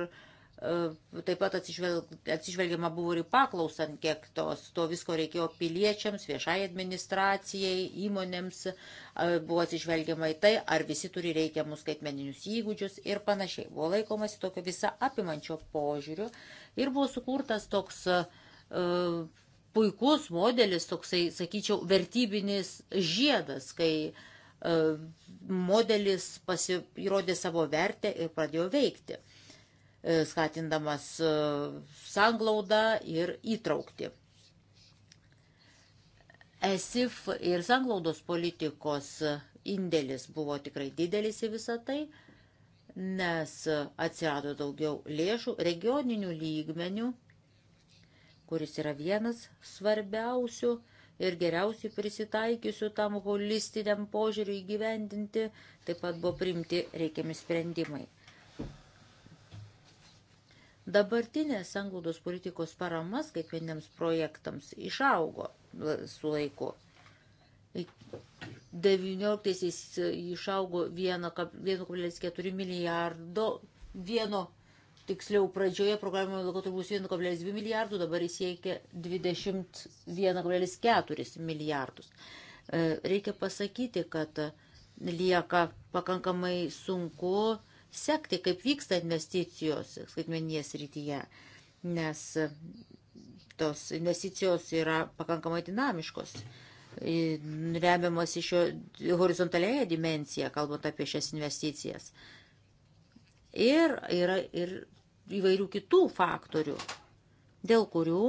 E, taip pat atsižvelgiama buvo ir paklausą, kiek tos, to visko reikėjo piliečiams, viešai administracijai, įmonėms, e, buvo atsižvelgiama į tai, ar visi turi reikiamus skaitmeninius įgūdžius ir panašiai. Buvo laikomasi tokio visą apimančio požiūrių ir buvo sukurtas toks uh, puikus modelis, toksai, sakyčiau, vertybinis žiedas, kai uh, modelis pasirodė savo vertę ir pradėjo veikti. E, skatindamas e, sanglaudą ir įtraukti. ESIF ir sanglaudos politikos indėlis buvo tikrai didelis į visą tai, nes atsirado daugiau lėšų regioninių lygmenių, kuris yra vienas svarbiausių ir geriausiai prisitaikiusių tam holistiniam požiūriui įgyvendinti, taip pat buvo priimti reikiami sprendimai. Dabartinės sanglaudos politikos paramas kiekvieniams projektams išaugo su laiku. 19-aisiais e, išaugo 1,4 milijardo, vieno tiksliau pradžioje programoje laikotarpiu bus 1,2 milijardų, dabar jis siekia 21,4 milijardus. E, reikia pasakyti, kad lieka pakankamai sunku sekti, kaip vyksta investicijos skaitmeninės rytyje, nes e, tos investicijos yra pakankamai dinamiškos. E, Remiamas iš jo horizontalėje dimencija, kalbant apie šias investicijas. Ir yra ir įvairių kitų faktorių, dėl kurių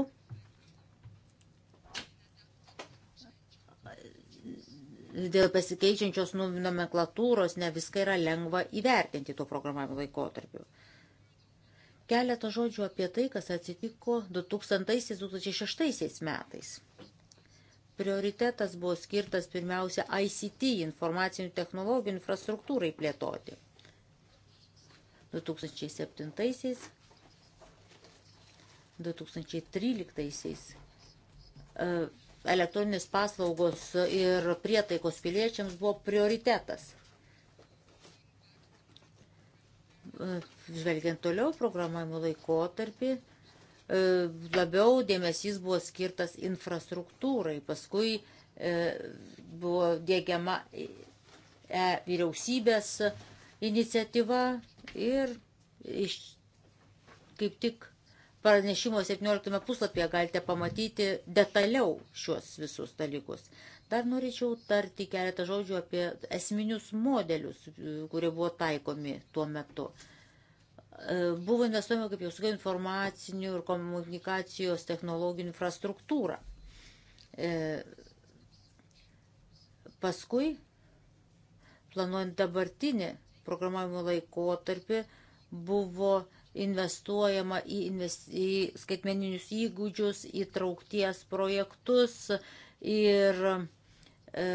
dėl pasikeičiančios nu- nomenklatūros ne viską yra lengva įvertinti tuo programavimo laikotarpiu. Keletą žodžių apie tai, kas atsitiko 2000-2006 metais. Prioritetas buvo skirtas pirmiausia ICT informacinių technologijų infrastruktūrai plėtoti. 2007-2013 uh, elektroninės paslaugos ir prietaikos piliečiams buvo prioritetas. Žvelgiant toliau programavimo laikotarpį, e, labiau dėmesys buvo skirtas infrastruktūrai, paskui e, buvo dėgiama e vyriausybės iniciatyva ir iš, kaip tik Pranešimo 17 puslapyje galite pamatyti detaliau šiuos visus dalykus. Dar norėčiau tarti keletą žodžių apie esminius modelius, kurie buvo taikomi tuo metu. E, buvo investuojama, kaip jau sakiau, informacinių ir komunikacijos technologijų infrastruktūrą. E, paskui, planuojant dabartinį programavimo laikotarpį, buvo investuojama į, invest... į skaitmeninius įgūdžius, įtraukties projektus ir e,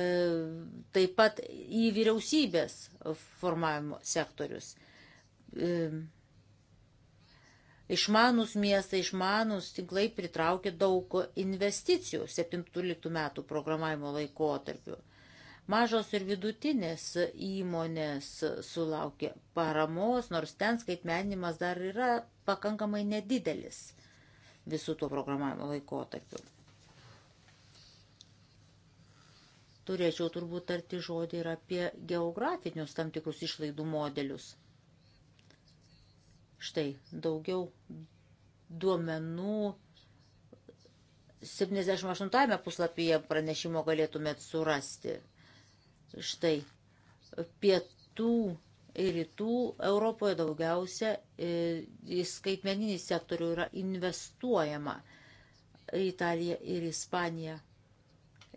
taip pat į vyriausybės formavimo sektorius. E, Išmanus miestai, išmanus tinklai pritraukia daug investicijų 17 metų programavimo laikotarpiu. Mažos ir vidutinės įmonės sulaukė paramos, nors ten skaitmenimas dar yra pakankamai nedidelis visų tuo programavimo laikotarpiu. Turėčiau turbūt tarti žodį ir apie geografinius tam tikrus išlaidų modelius. Štai daugiau duomenų 78 puslapyje pranešimo galėtumėt surasti. Štai pietų ir rytų Europoje daugiausia e, į skaitmeninį sektorių yra investuojama. Italija ir Ispanija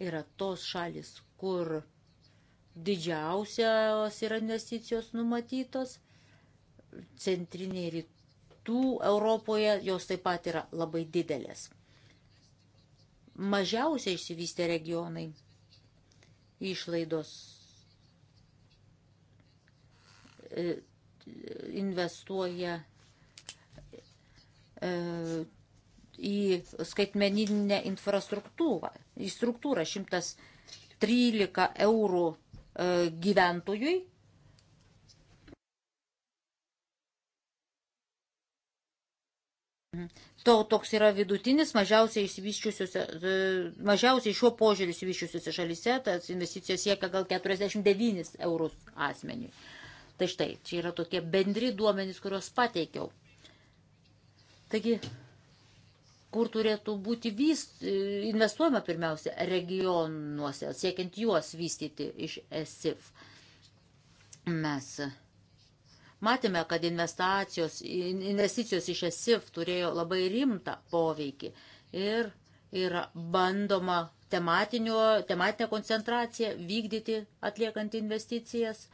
yra tos šalis, kur didžiausios yra investicijos numatytos. Centrinė rytų Europoje jos taip pat yra labai didelės. Mažiausiai išsivystę regionai išlaidos e, investuoja e, į skaitmeninę infrastruktūrą. Į struktūrą 113 eurų e, gyventojui To toks yra vidutinis mažiausiai, e, mažiausiai šiuo požiūriu įsivyščiusiuose šalise, tas investicijos siekia gal 49 eurus asmeniui. Tai štai, čia yra tokie bendri duomenys, kuriuos pateikiau. Taigi, kur turėtų būti vyst, e, investuojama pirmiausia regionuose, siekiant juos vystyti iš ESIF. Mes Matėme, kad investicijos, investicijos iš ESIF turėjo labai rimtą poveikį ir yra bandoma tematinę koncentraciją vykdyti atliekant investicijas.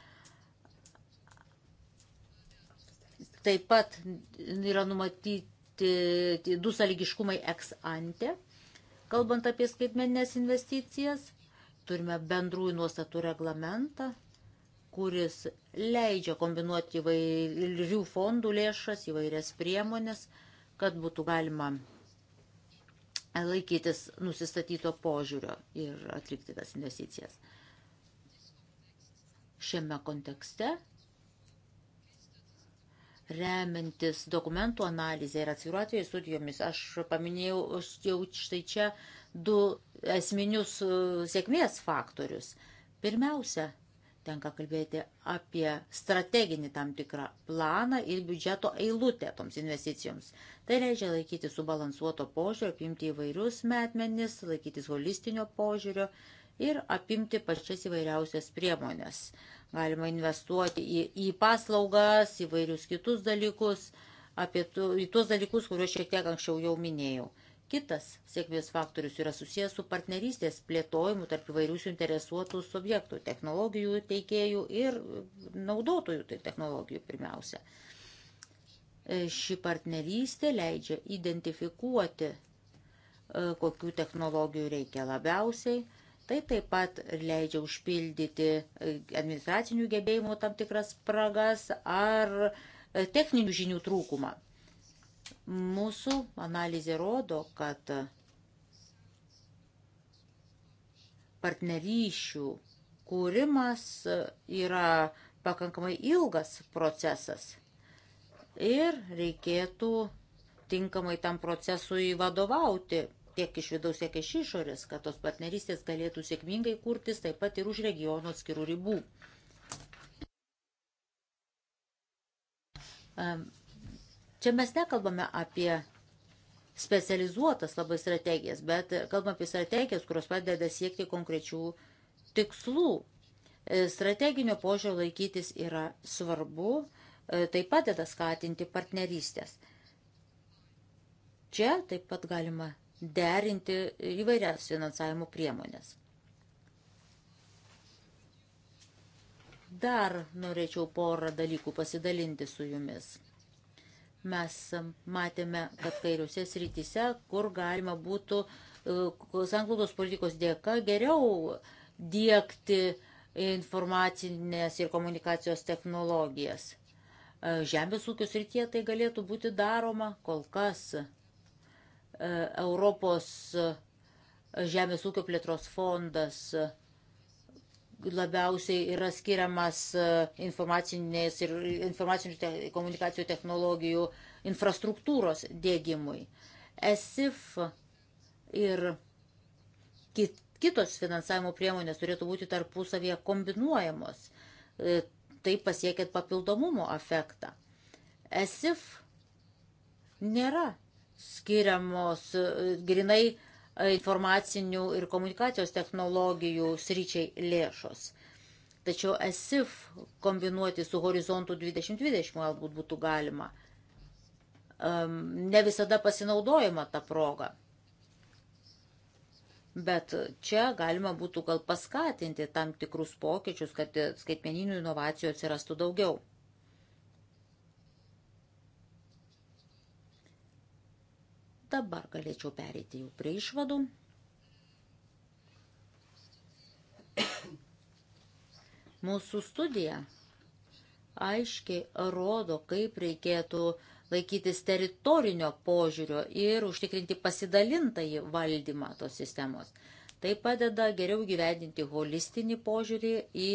Taip pat yra numatyti du sąlygiškumai ex ante, kalbant apie skaitmeninės investicijas. Turime bendrųjų nuostatų reglamentą, kuris leidžia kombinuoti įvairių fondų lėšas, įvairias priemonės, kad būtų galima laikytis nusistatyto požiūrio ir atlikti tas investicijas. Šiame kontekste, remiantis dokumentų analizė ir atvirų atveju studijomis, aš paminėjau aš jau štai čia du esminius e, sėkmės faktorius. Pirmiausia, tenka kalbėti apie strateginį tam tikrą planą ir biudžeto eilutę toms investicijoms. Tai leidžia laikyti subalansuoto požiūrio, apimti įvairius metmenis, laikytis holistinio požiūrio ir apimti pačias įvairiausias priemonės. Galima investuoti į, į paslaugas, įvairius kitus dalykus, apie tu, į tuos dalykus, kuriuos šiek tiek anksčiau jau minėjau. Kitas sėkmės faktorius yra susijęs su partnerystės plėtojimu tarp įvairių suinteresuotų subjektų, technologijų teikėjų ir naudotojų tai technologijų pirmiausia. E, ši partnerystė leidžia identifikuoti, e, kokių technologijų reikia labiausiai. Tai taip pat leidžia užpildyti e, administracinių gebėjimų tam tikras spragas ar techninių žinių trūkumą. Mūsų analizė rodo, kad partneryšių kūrimas yra pakankamai ilgas procesas ir reikėtų tinkamai tam procesui vadovauti tiek iš vidaus, tiek iš išorės, kad tos partnerystės galėtų sėkmingai kurtis taip pat ir už regiono atskirų ribų. Čia mes nekalbame apie specializuotas labai strategijas, bet kalbame apie strategijas, kurios padeda siekti konkrečių tikslų. E, strateginio požiūrio laikytis yra svarbu, e, tai padeda skatinti partnerystės. Čia taip pat galima derinti įvairias finansavimo priemonės. Dar norėčiau porą dalykų pasidalinti su jumis. Mes matėme, kad kairiuose srityse, kur galima būtų e, sanglaudos politikos dėka geriau dėkti informacinės ir komunikacijos technologijas. E, žemės ūkio srityje tai galėtų būti daroma kol kas. E, Europos Žemės ūkio plėtros fondas labiausiai yra skiriamas e, informacinės ir informacinių te, komunikacijų technologijų infrastruktūros dėgymui. ESIF ir kit, kitos finansavimo priemonės turėtų būti tarpusavėje kombinuojamos. E, tai pasiekit papildomumo efektą. ESIF nėra skiriamos e, grinai informacinių ir komunikacijos technologijų sryčiai lėšos. Tačiau ESIF kombinuoti su horizontu 2020 galbūt būtų galima. Ne visada pasinaudojama ta proga. Bet čia galima būtų gal paskatinti tam tikrus pokyčius, kad skaitmeninių inovacijų atsirastų daugiau. Dabar galėčiau pereiti jau prie išvadų. Mūsų studija aiškiai rodo, kaip reikėtų laikytis teritorinio požiūrio ir užtikrinti pasidalintąjį valdymą tos sistemos. Tai padeda geriau gyvendinti holistinį požiūrį į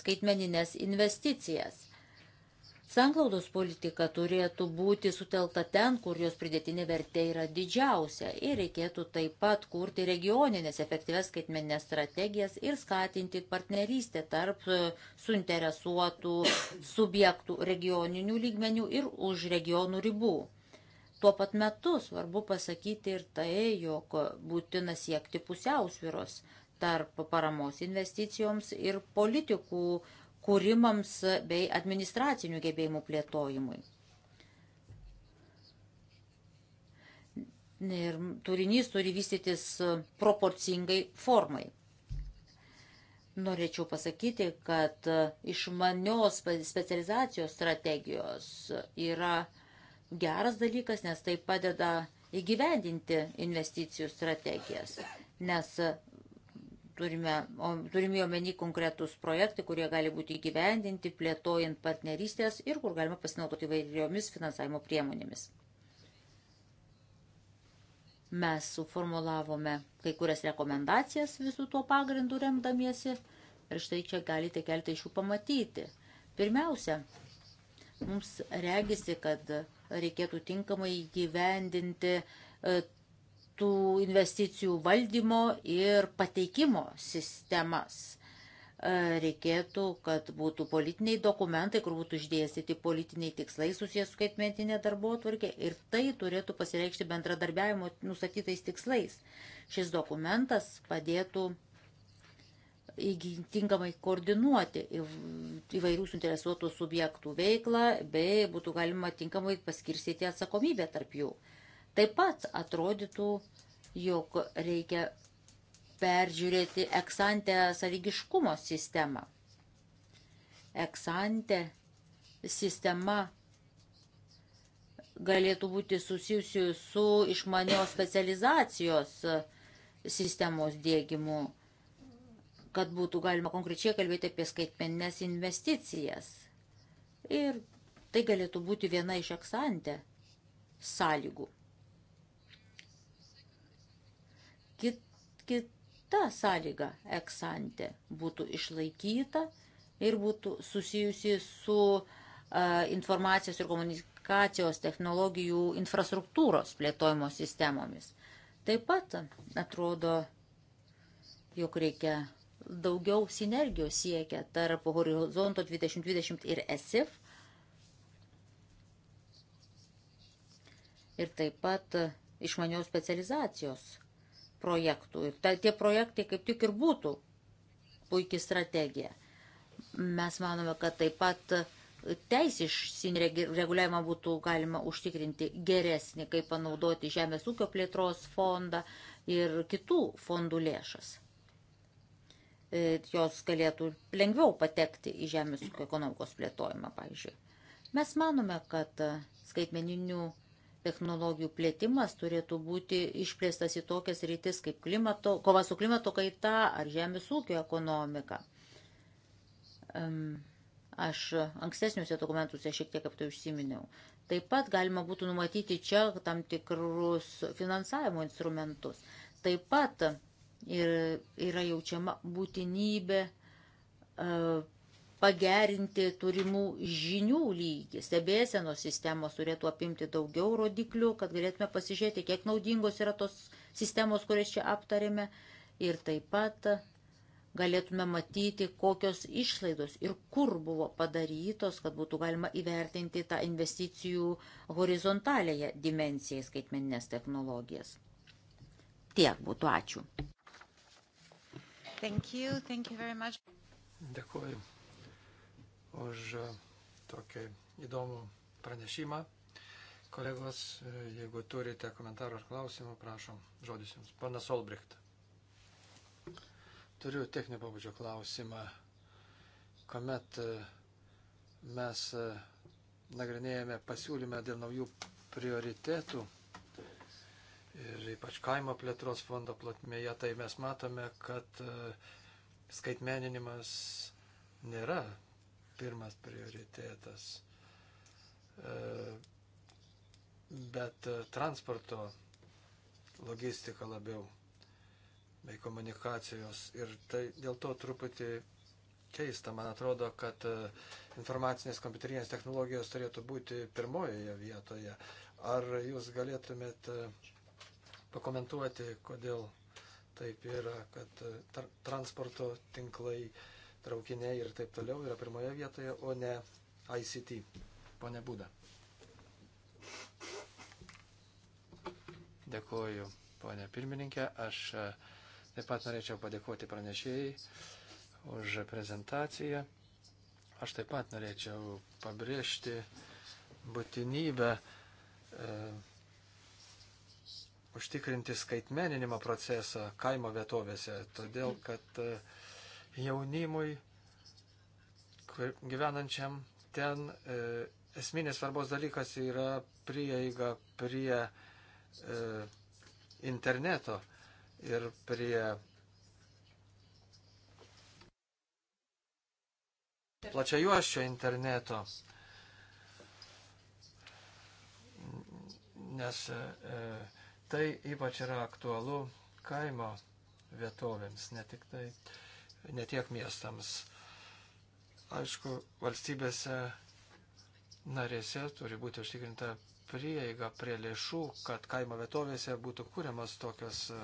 skaitmeninės investicijas. Sanklaudos politika turėtų būti sutelta ten, kur jos pridėtinė vertė yra didžiausia ir reikėtų taip pat kurti regioninės efektyves skaitmenės strategijas ir skatinti partnerystę tarp e, suinteresuotų subjektų regioninių lygmenių ir už regionų ribų. Tuo pat metu svarbu pasakyti ir tai, jog būtina siekti pusiausviros tarp paramos investicijoms ir politikų kūrimams bei administracinių gebėjimų plėtojimui. Ir turinys turi vystytis proporcingai formai. Norėčiau pasakyti, kad išmanios specializacijos strategijos yra geras dalykas, nes tai padeda įgyvendinti investicijų strategijas, nes turime, o, turime omeny konkretus projektai, kurie gali būti įgyvendinti, plėtojant partnerystės ir kur galima pasinaudoti įvairiomis finansavimo priemonėmis. Mes suformulavome kai kurias rekomendacijas visų tuo pagrindu remdamiesi ir štai čia galite keltą iš jų pamatyti. Pirmiausia, mums regisi, kad reikėtų tinkamai įgyvendinti e, tų investicijų valdymo ir pateikimo sistemas. E, reikėtų, kad būtų politiniai dokumentai, kur būtų išdėstyti politiniai tikslai susijęs su skaitmetinė darbo atvarkė ir tai turėtų pasireikšti bendradarbiavimo nustatytais tikslais. Šis dokumentas padėtų tinkamai koordinuoti įvairių suinteresuotų subjektų veiklą bei būtų galima tinkamai paskirstyti atsakomybę tarp jų. Taip pat atrodytų, jog reikia peržiūrėti eksantę sąlygiškumo sistemą. Eksantė sistema galėtų būti susijusi su išmanios specializacijos sistemos dėgymu, kad būtų galima konkrečiai kalbėti apie skaitmeninės investicijas. Ir tai galėtų būti viena iš eksantė sąlygų. Kit, kita sąlyga eksante būtų išlaikyta ir būtų susijusi su e, informacijos ir komunikacijos technologijų infrastruktūros plėtojimo sistemomis. Taip pat atrodo, jog reikia daugiau sinergijos siekia tarp Horizonto 2020 ir ESIF. Ir taip pat išmanios specializacijos projektų. Ir ta, tie projektai kaip tik ir būtų puikia strategija. Mes manome, kad taip pat teisišinį reguliavimą būtų galima užtikrinti geresnį, kaip panaudoti Žemės ūkio plėtros fondą ir kitų fondų lėšas. E, jos galėtų lengviau patekti į Žemės ūkio ekonomikos plėtojimą, pavyzdžiui. Mes manome, kad skaitmeninių technologijų plėtimas turėtų būti išplėstas į tokias rytis kaip klimato, kova su klimato kaita ar žemės ūkio ekonomika. Aš ankstesniuose dokumentuose šiek tiek apie tai užsiminiau. Taip pat galima būtų numatyti čia tam tikrus finansavimo instrumentus. Taip pat ir, yra jaučiama būtinybė uh, pagerinti turimų žinių lygį. Stebėsenos sistemos turėtų apimti daugiau rodiklių, kad galėtume pasižiūrėti, kiek naudingos yra tos sistemos, kurias čia aptarėme. Ir taip pat galėtume matyti, kokios išlaidos ir kur buvo padarytos, kad būtų galima įvertinti tą investicijų horizontalėje dimencijai skaitmeninės technologijas. Tiek būtų ačiū. Thank you, thank you Dėkuoju už e, tokį įdomų pranešimą. Kolegos, e, jeigu turite komentarų ar klausimų, prašom, žodis Jums. Panas Olbricht. Turiu techninio pabudžio klausimą. Komet e, mes nagrinėjame pasiūlymę dėl naujų prioritėtų ir ypač kaimo plėtros fondo platmėje, tai mes matome, kad skaitmeninimas nėra pirmas prioritetas. E, bet e, transporto logistika labiau bei komunikacijos. Ir tai dėl to truputį keista. Man atrodo, kad e, informacinės kompiuterinės technologijos turėtų būti pirmojoje vietoje. Ar jūs galėtumėt pakomentuoti, kodėl taip yra, kad tra transporto tinklai traukiniai ir taip toliau yra pirmoje vietoje, o ne ICT. Pone Būda. Dėkuoju, ponė pirmininkė. Aš e, taip pat norėčiau padėkoti pranešėjai už prezentaciją. Aš taip pat norėčiau pabrėžti būtinybę e, užtikrinti skaitmeninimo procesą kaimo vietovėse, todėl kad e, jaunimui gyvenančiam ten. E, esminės svarbos dalykas yra prieiga prie e, interneto ir prie plačiajuoščio interneto. Nes e, tai ypač yra aktualu kaimo vietovėms, ne tik tai. E, ne tiek miestams. Aišku, valstybėse narėse turi būti užtikrinta prieiga prie lėšų, kad kaimo vietovėse būtų kūriamas tokios e,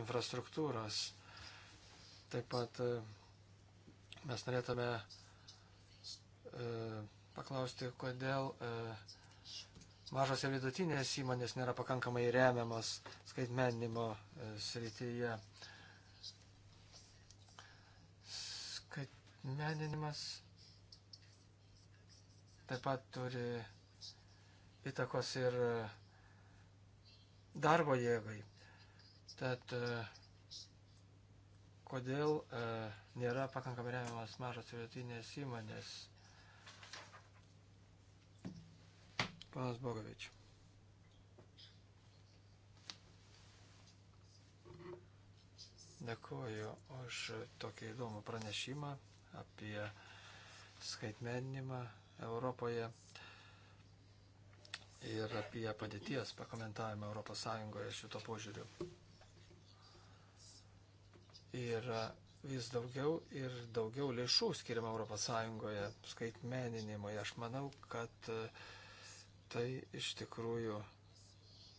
infrastruktūros. Taip pat e, mes norėtume e, paklausti, kodėl mažos ir vidutinės įmonės nėra pakankamai remiamos skaitmenimo srityje. E, meninimas taip pat turi įtakos ir e, darbo jėgai. Tad e, kodėl e, nėra pakankamai remiamas mažos ir vietinės įmonės? Panas Bogovič. Dėkuoju už tokį įdomų pranešimą apie skaitmeninimą Europoje ir apie padėties pakomentavimą ES šito požiūriu. Yra vis daugiau ir daugiau lėšų skiriama ES skaitmeninimui. Aš manau, kad e, tai iš tikrųjų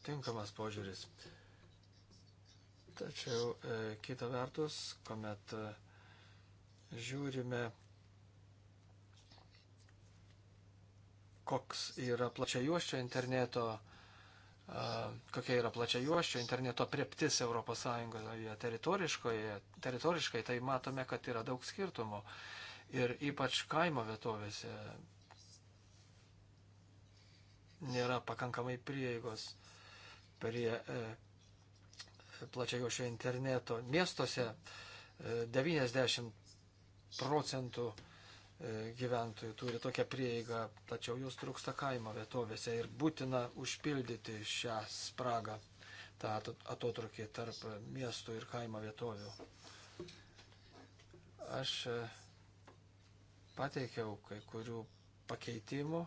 tinkamas požiūris. Tačiau e, kita vertus, kuomet e, žiūrime, koks yra plačiajuoščio interneto, kokia yra plačiajuoščio interneto prieptis ES teritoriškai, tai matome, kad yra daug skirtumų. Ir ypač kaimo vietovėse nėra pakankamai prieigos prie e, plačiajuoščio interneto. Miestuose 90 e, procentų e, gyventojų turi tokią prieigą, tačiau jos trūksta kaimo vietovėse ir būtina užpildyti šią spragą, tą atotrukį tarp miestų ir kaimo vietovių. Aš e, pateikiau kai kurių pakeitimų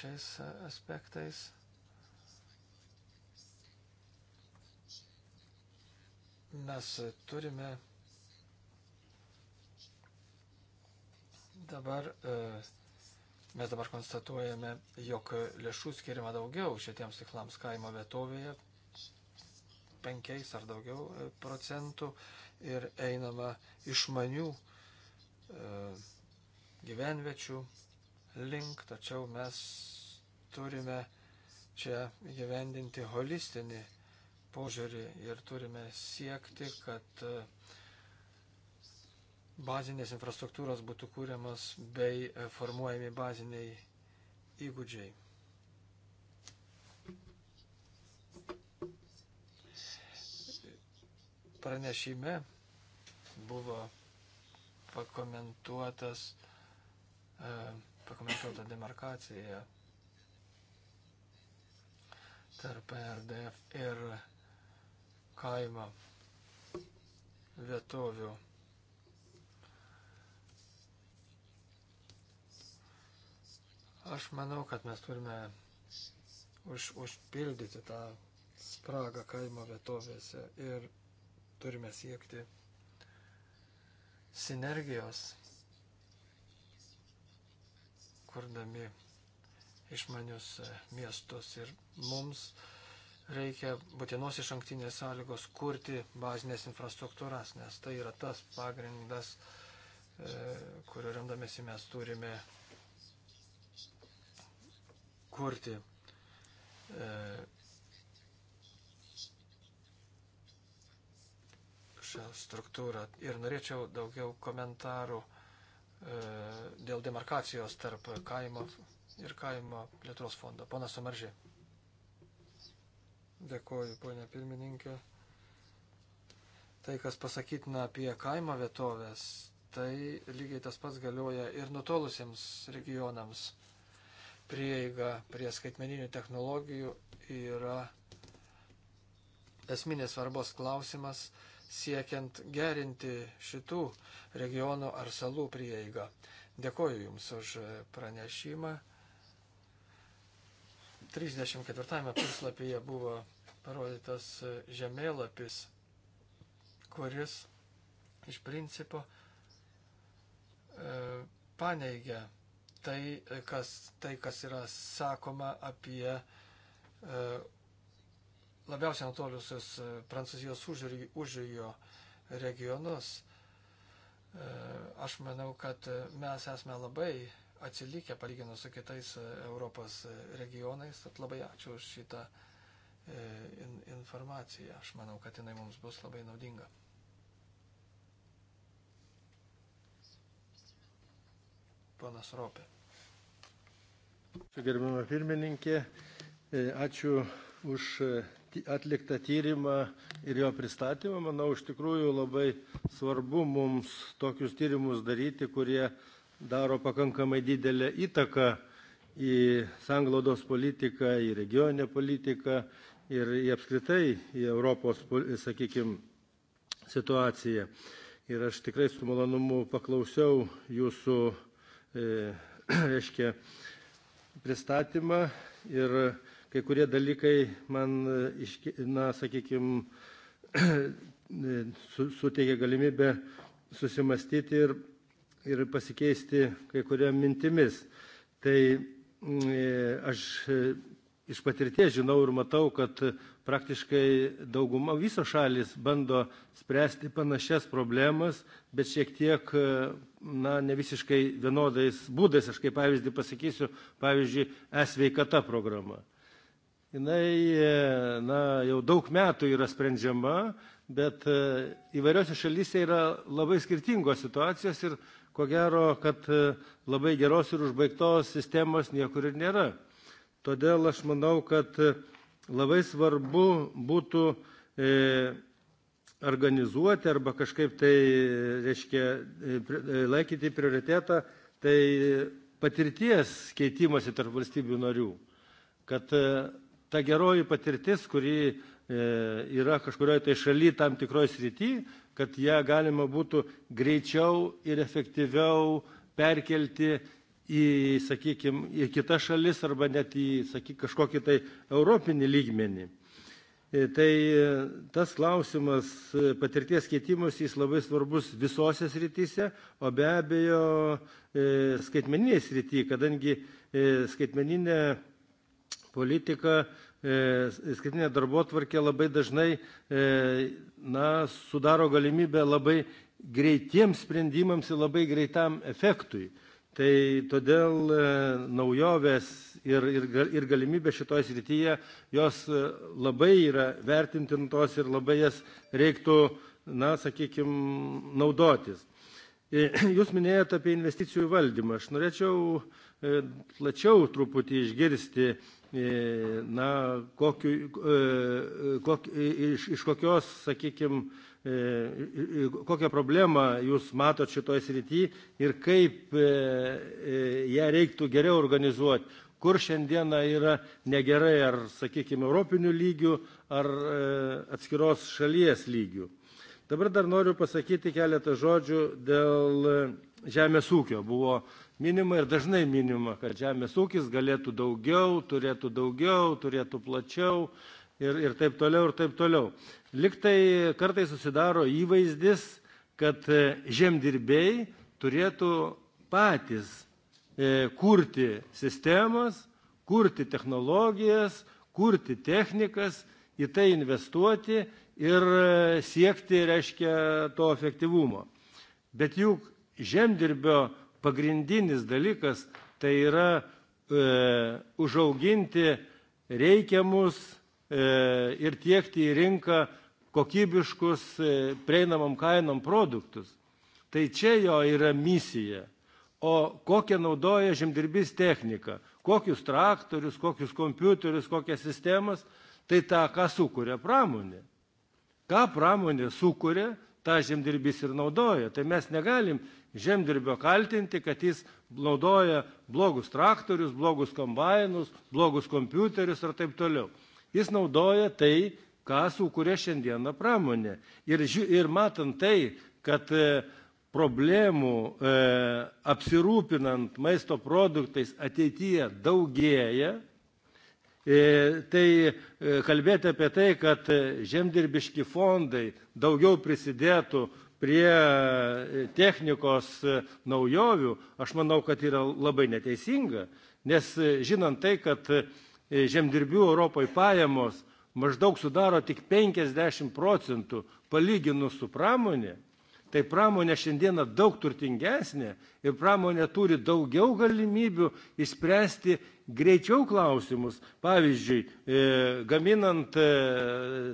šiais e, aspektais. mes turime dabar, e, mes dabar konstatuojame, jog lėšų skirima daugiau šitiems tiklams kaimo vietovėje, penkiais ar daugiau e, procentų ir einama išmanių e, gyvenviečių link, tačiau mes turime čia gyvendinti holistinį požiūrį ir turime siekti, kad e, bazinės infrastruktūros būtų kūriamas bei e, formuojami baziniai įgūdžiai. Pranešime buvo pakomentuotas, e, pakomentuota demarkacija tarp RDF ir kaimo vietovių. Aš manau, kad mes turime už, užpildyti tą spragą kaimo vietovėse ir turime siekti sinergijos, kurdami išmanius miestus ir mums uh, reikia būtinos iš anktinės sąlygos kurti bazinės infrastruktūras, nes tai yra tas pagrindas, e, kuriuo remdamėsi mes turime kurti e, šią struktūrą. Ir norėčiau daugiau komentarų e, dėl demarkacijos tarp kaimo ir kaimo plėtros fondo. Ponas Somaržė. Dėkoju, ponia pirmininkė. Tai, kas pasakytina apie kaimo vietovės, tai lygiai tas pats galioja ir nutolusiems regionams. Prieiga prie skaitmeninių technologijų yra esminės svarbos klausimas siekiant gerinti šitų regionų ar salų prieigą. Dėkoju Jums už pranešimą. 34 puslapyje buvo parodytas žemėlapis, kuris iš principo e, paneigia tai, kas, tai, kas yra sakoma apie e, labiausiai nutolusius e, Prancūzijos užžiūrio regionus. Aš manau, kad mes esame labai atsilikę palyginus su kitais e, Europos e, regionais, tad labai ačiū už šitą e, in, informaciją. Aš manau, kad jinai mums bus labai naudinga. Ponas Ropė. Ačiū gerbama pirmininkė, ačiū už atliktą tyrimą ir jo pristatymą. Manau, iš tikrųjų labai svarbu mums tokius tyrimus daryti, kurie daro pakankamai didelę įtaką į sanglaudos politiką, į regioninę politiką ir į apskritai į Europos, sakykime, situaciją. Ir aš tikrai su malonumu paklausiau jūsų, e, reiškia, pristatymą ir kai kurie dalykai man, e, na, sakykime, suteikia galimybę susimastyti ir ir pasikeisti kai kuriam mintimis. Tai mm, e, aš e, iš patirties žinau ir matau, kad praktiškai dauguma visos šalis bando spręsti panašias problemas, bet šiek tiek, e, na, ne visiškai vienodais būdais, aš kaip pavyzdį pasakysiu, pavyzdžiui, esveikata programa. Jis, na, jau daug metų yra sprendžiama, bet įvairiose šalyse yra labai skirtingos situacijos ir ko gero, kad e, labai geros ir užbaigtos sistemos niekur ir nėra. Todėl aš manau, kad e, labai svarbu būtų e, organizuoti arba kažkaip tai, reiškia, e, laikyti prioritetą, tai patirties keitimosi tarp valstybių narių. Kad ta geroji patirtis, kuri e, yra kažkurioje tai šalyje tam tikroje srityje, kad ją galima būtų greičiau ir efektyviau perkelti į, sakykime, į kitas šalis arba net į, sakykime, kažkokį tai europinį lygmenį. E, tai e, tas klausimas e, patirties keitimus jis labai svarbus visose srityse, o be abejo skaitmeninėje srityje, kadangi skaitmeninė politika E, skirtinė darbotvarkė labai dažnai e, na, sudaro galimybę labai greitiems sprendimams ir labai greitam efektui. Tai todėl e, naujovės ir, ir, ir galimybė šitoje srityje, jos labai yra vertintintos ir labai jas reiktų, na, sakykime, naudotis. Jūs minėjote apie investicijų valdymą. Aš norėčiau E, plačiau truputį išgirsti, e, na, kokiu, e, kok, iš, iš kokios, sakykime, kokią problemą jūs matot šitoj srity ir kaip ją reiktų geriau organizuoti, kur šiandieną yra negerai, ar, sakykime, europinių lygių, ar atskiros šalies lygių. Dabar dar noriu pasakyti keletą žodžių dėl žemės ūkio. Buvo minima ir dažnai minima, kad žemės ūkis galėtų daugiau, turėtų daugiau, turėtų plačiau ir, ir taip toliau, ir taip toliau. Liktai kartai susidaro įvaizdis, kad e, žemdirbėjai turėtų patys e, kurti sistemas, kurti technologijas, kurti technikas, į tai investuoti ir e, siekti, reiškia, to efektyvumo. Bet juk žemdirbio pagrindinis dalykas tai yra e, užauginti reikiamus e, ir tiekti į rinką kokybiškus e, prieinamam kainom produktus. Tai čia jo yra misija. O kokią naudoja žemdirbys techniką, kokius traktorius, kokius kompiuterius, kokias sistemas, tai tą, ką sukuria pramonė. Ką pramonė sukuria, tą žemdirbys ir naudoja. Tai mes negalim žemdirbio kaltinti, kad jis naudoja blogus traktorius, blogus kombainus, blogus kompiuterius ir taip toliau. Jis naudoja tai, ką sukuria šiandieną pramonė. Ir, ir matant tai, kad e, problemų e, apsirūpinant maisto produktais ateityje daugėja, e, Tai e, kalbėti apie tai, kad žemdirbiški fondai daugiau prisidėtų prie e, technikos e, naujovių, aš manau, kad yra labai neteisinga, nes e, žinant tai, kad žemdirbių Europoje pajamos maždaug sudaro tik 50 procentų palyginus su pramonė, tai pramonė šiandieną daug turtingesnė ir pramonė turi daugiau galimybių išspręsti greičiau klausimus. Pavyzdžiui, e, gaminant e,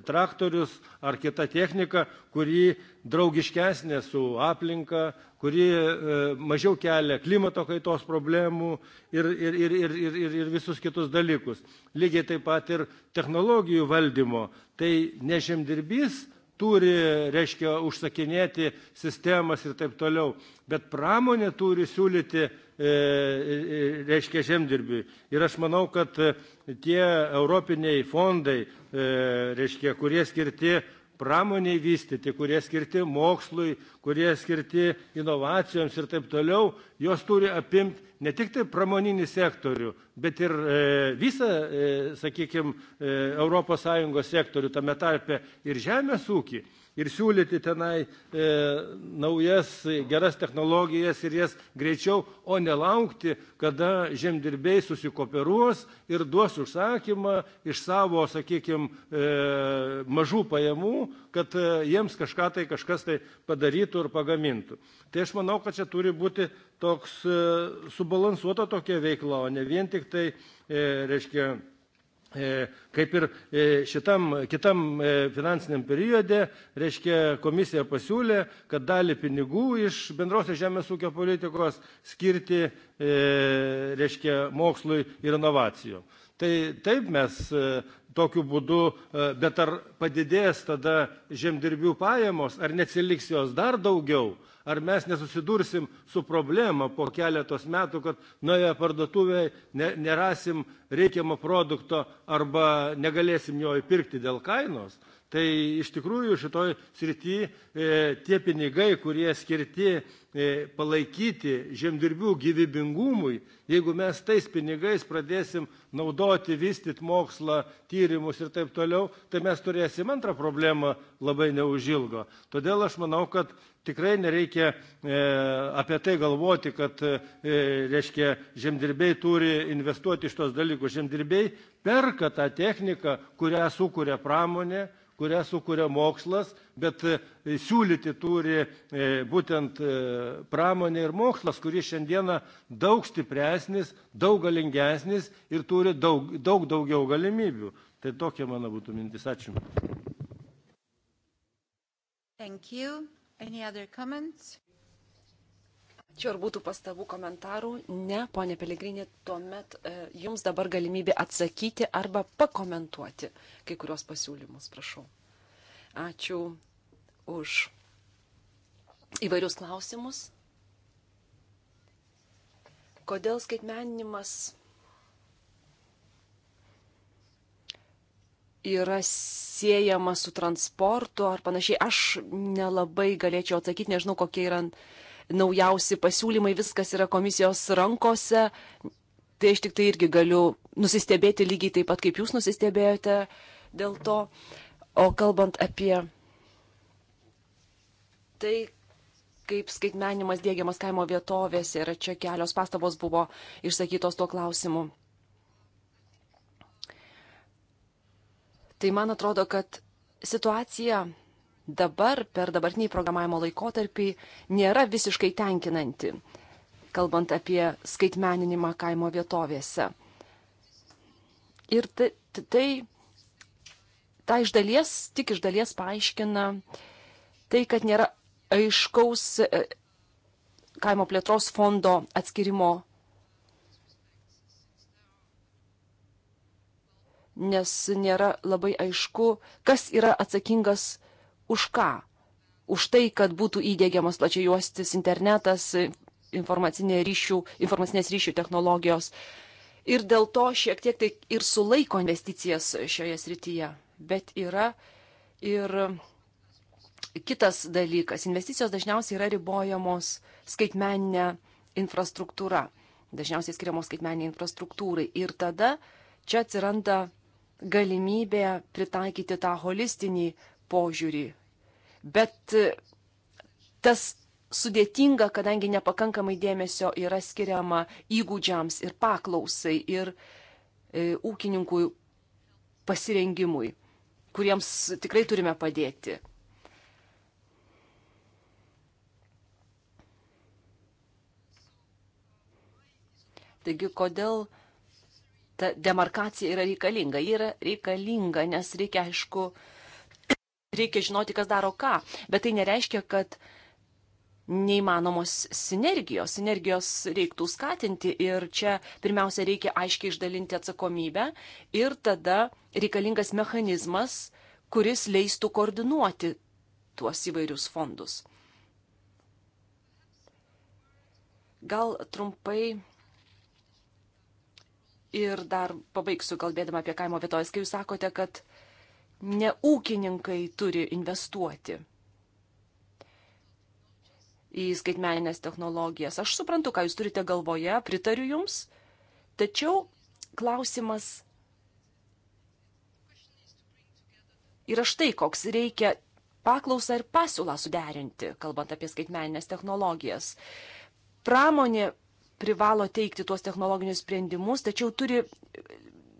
traktorius ar kitą techniką, kuri draugiškesnė su aplinka, kuri e, mažiau kelia klimato kaitos problemų ir, ir, ir, ir, ir, ir, ir visus kitus dalykus. Lygiai taip pat ir technologijų valdymo. Tai ne žemdirbys turi, reiškia, užsakinėti sistemas ir taip toliau. Bet pramonė turi siūlyti, e, e, reiškia, žemdirbiui. Ir aš manau, kad e, tie europiniai fondai, reiškia, kurie skirti pramoniai vystyti, kurie skirti mokslui, kurie skirti inovacijoms ir taip toliau, jos turi apimti ne tik tai pramoninį sektorių, bet ir e, visą, e, sakykime, e, ES sektorių, tame tarpe ir žemės ūkį, ir siūlyti tenai e, naujas geras technologijas ir jas greičiau, o nelaukti, kada žemdirbiai susikooperuos ir duos užsakymą iš savo, sakykime, e, mažų pajamų, kad e, jiems kažką tai kažkas tai padarytų ir pagamintų. Tai aš manau, kad čia turi būti toks e, subalansuota tokia veikla, o ne vien tik tai, e, reiškia, E, kaip ir e, šitam kitam e, finansiniam periode, reiškia, komisija pasiūlė, kad dalį pinigų iš bendrosios žemės ūkio politikos skirti, reiškia, mokslui ir inovacijom. Tai taip mes tokiu būdu, bet ar padidės tada žemdirbių pajamos, ar neatsiliks jos dar daugiau, ar mes nesusidursim su problema po keletos metų kad nuėję parduotuvėj ne, nerasim reikiamo produkto arba negalėsim jo įpirkti dėl kainos Tai iš tikrųjų šitoj srity e, tie pinigai, kurie skirti e, palaikyti žemdirbių gyvybingumui, jeigu mes tais pinigais pradėsim naudoti, vystyti mokslą, tyrimus ir taip toliau, tai mes turėsim antrą problemą labai neužilgo. Todėl aš manau, kad tikrai nereikia e, apie tai galvoti, kad, e, reiškia, žemdirbiai turi investuoti iš tos dalykus. Žemdirbiai perka tą techniką, kurią sukuria pramonė kurią sukuria mokslas, bet e, siūlyti turi e, būtent e, pramonė ir mokslas, kuris šiandieną daug stipresnis, daug galingesnis ir turi daug, daug daugiau galimybių. Tai tokia mano būtų mintis. Ačiū. Thank you. Any other comments? Čia ar būtų pastabų komentarų? Ne, ponė Pelegrinė, tuomet e, jums dabar galimybė atsakyti arba pakomentuoti kai kurios pasiūlymus, prašau. Ačiū už įvairius klausimus. Kodėl skaitmeninimas yra siejamas su transportu ar panašiai, aš nelabai galėčiau atsakyti, nežinau, kokie yra. Yra naujausi pasiūlymai, viskas yra komisijos rankose. Tai aš tik tai irgi galiu nusistebėti lygiai taip pat, kaip jūs nusistebėjote dėl to. O kalbant apie tai, kaip skaitmenimas dėgiamas kaimo vietovėse ir čia kelios pastabos buvo išsakytos tuo klausimu. Tai man atrodo, kad situacija dabar per dabartinį programavimo laikotarpį nėra visiškai tenkinanti, kalbant apie skaitmeninimą kaimo vietovėse. Ir tai, tai tą iš dalies, tik iš dalies paaiškina tai, kad nėra aiškaus e, kaimo plėtros fondo atskirimo, nes nėra labai aišku, kas yra atsakingas už ką? Už tai, kad būtų įdėgiamas plačiai juostis internetas, informacinė ryšių, informacinės ryšių technologijos. Ir dėl to šiek tiek tai ir sulaiko investicijas šioje srityje. Bet yra ir kitas dalykas. Investicijos dažniausiai yra ribojamos skaitmeninė infrastruktūra. Dažniausiai skiriamos skaitmeniniai infrastruktūrai. Ir tada čia atsiranda galimybė pritaikyti tą holistinį požiūrį. Bet e, tas sudėtinga, kadangi nepakankamai dėmesio yra skiriama įgūdžiams ir paklausai ir e, ūkininkų pasirengimui, kuriems tikrai turime padėti. Taigi, kodėl ta demarkacija yra reikalinga? Ji yra reikalinga, nes reikia, aišku, e, reikia žinoti, kas daro ką. Bet tai nereiškia, kad neįmanomos sinergijos. Sinergijos reiktų skatinti ir čia pirmiausia reikia aiškiai išdalinti atsakomybę ir tada reikalingas mechanizmas, kuris leistų koordinuoti tuos įvairius fondus. Gal trumpai ir dar pabaigsiu kalbėdama apie kaimo vietovės, kai jūs sakote, kad ne ūkininkai turi investuoti į skaitmeninės technologijas. Aš suprantu, ką jūs turite galvoje, pritariu jums, tačiau klausimas yra štai koks reikia paklausą ir pasiūlą suderinti, kalbant apie skaitmeninės technologijas. Pramonė privalo teikti tuos technologinius sprendimus, tačiau turi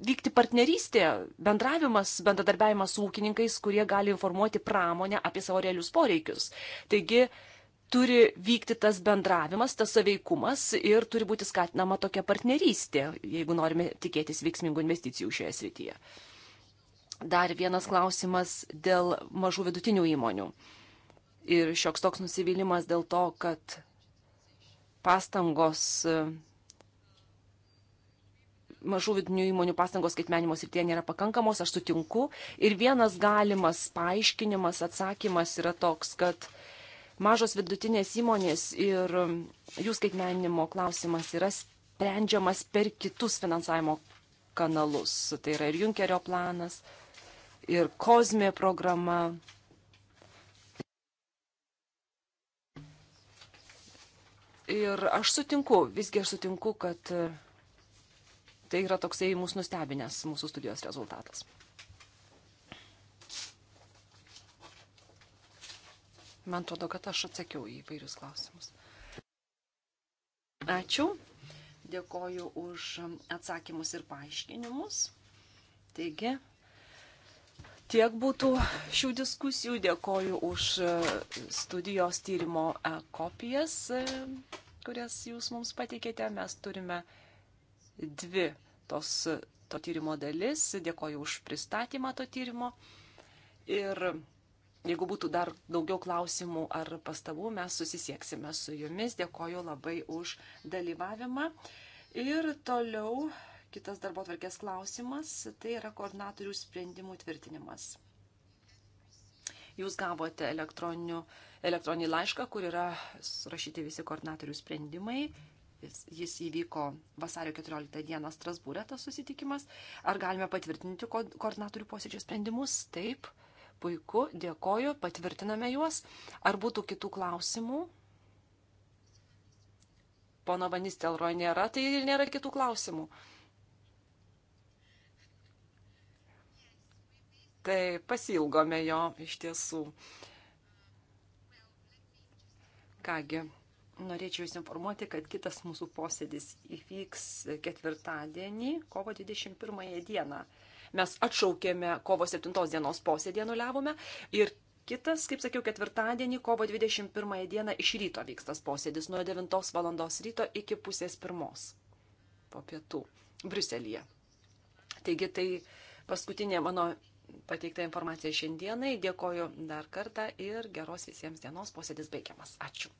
vykti partnerystė, bendravimas, bendradarbiavimas su ūkininkais, kurie gali informuoti pramonę apie savo realius poreikius. Taigi turi vykti tas bendravimas, tas saveikumas ir turi būti skatinama tokia partnerystė, jeigu norime tikėtis veiksmingų investicijų šioje srityje. Dar vienas klausimas dėl mažų vidutinių įmonių. Ir šioks toks nusivylimas dėl to, kad pastangos mažų vidinių įmonių pastangos skaitmenimo srityje nėra pakankamos, aš sutinku. Ir vienas galimas paaiškinimas, atsakymas yra toks, kad mažos vidutinės įmonės ir jų skaitmenimo klausimas yra sprendžiamas per kitus finansavimo kanalus. Tai yra ir Junkerio planas, ir Kozmė programa. Ir aš sutinku, visgi aš sutinku, kad Tai yra toksai mūsų nustebinęs mūsų studijos rezultatas. Man atrodo, kad aš atsakiau į vairius klausimus. Ačiū. Dėkoju už atsakymus ir paaiškinimus. Taigi, tiek būtų šių diskusijų. Dėkoju už studijos tyrimo e, kopijas, e, kurias jūs mums pateikėte. Mes turime dvi tos, to tyrimo dalis. Dėkoju už pristatymą to tyrimo. Ir jeigu būtų dar daugiau klausimų ar pastabų, mes susisieksime su jumis. Dėkoju labai už dalyvavimą. Ir toliau kitas darbo tvarkės klausimas - tai yra koordinatorių sprendimų tvirtinimas. Jūs gavote elektroninį laišką, kur yra surašyti visi koordinatorių sprendimai jis, jis įvyko vasario 14 dieną Strasbūrė tas susitikimas. Ar galime patvirtinti ko, koordinatorių posėdžio sprendimus? Taip, puiku, dėkoju, patvirtiname juos. Ar būtų kitų klausimų? Pono Vanistelro nėra, tai ir nėra kitų klausimų. Tai pasilgome jo iš tiesų. Kągi norėčiau Jūs informuoti, kad kitas mūsų posėdis įvyks ketvirtadienį, kovo 21 dieną. Mes atšaukėme kovo 7 dienos posėdį, nuliavome ir kitas, kaip sakiau, ketvirtadienį, kovo 21 dieną iš ryto vyks tas posėdis nuo 9 val. ryto iki pusės pirmos po pietų Briuselėje. Taigi tai paskutinė mano pateikta informacija šiandienai. Dėkoju dar kartą ir geros visiems dienos posėdis baigiamas. Ačiū.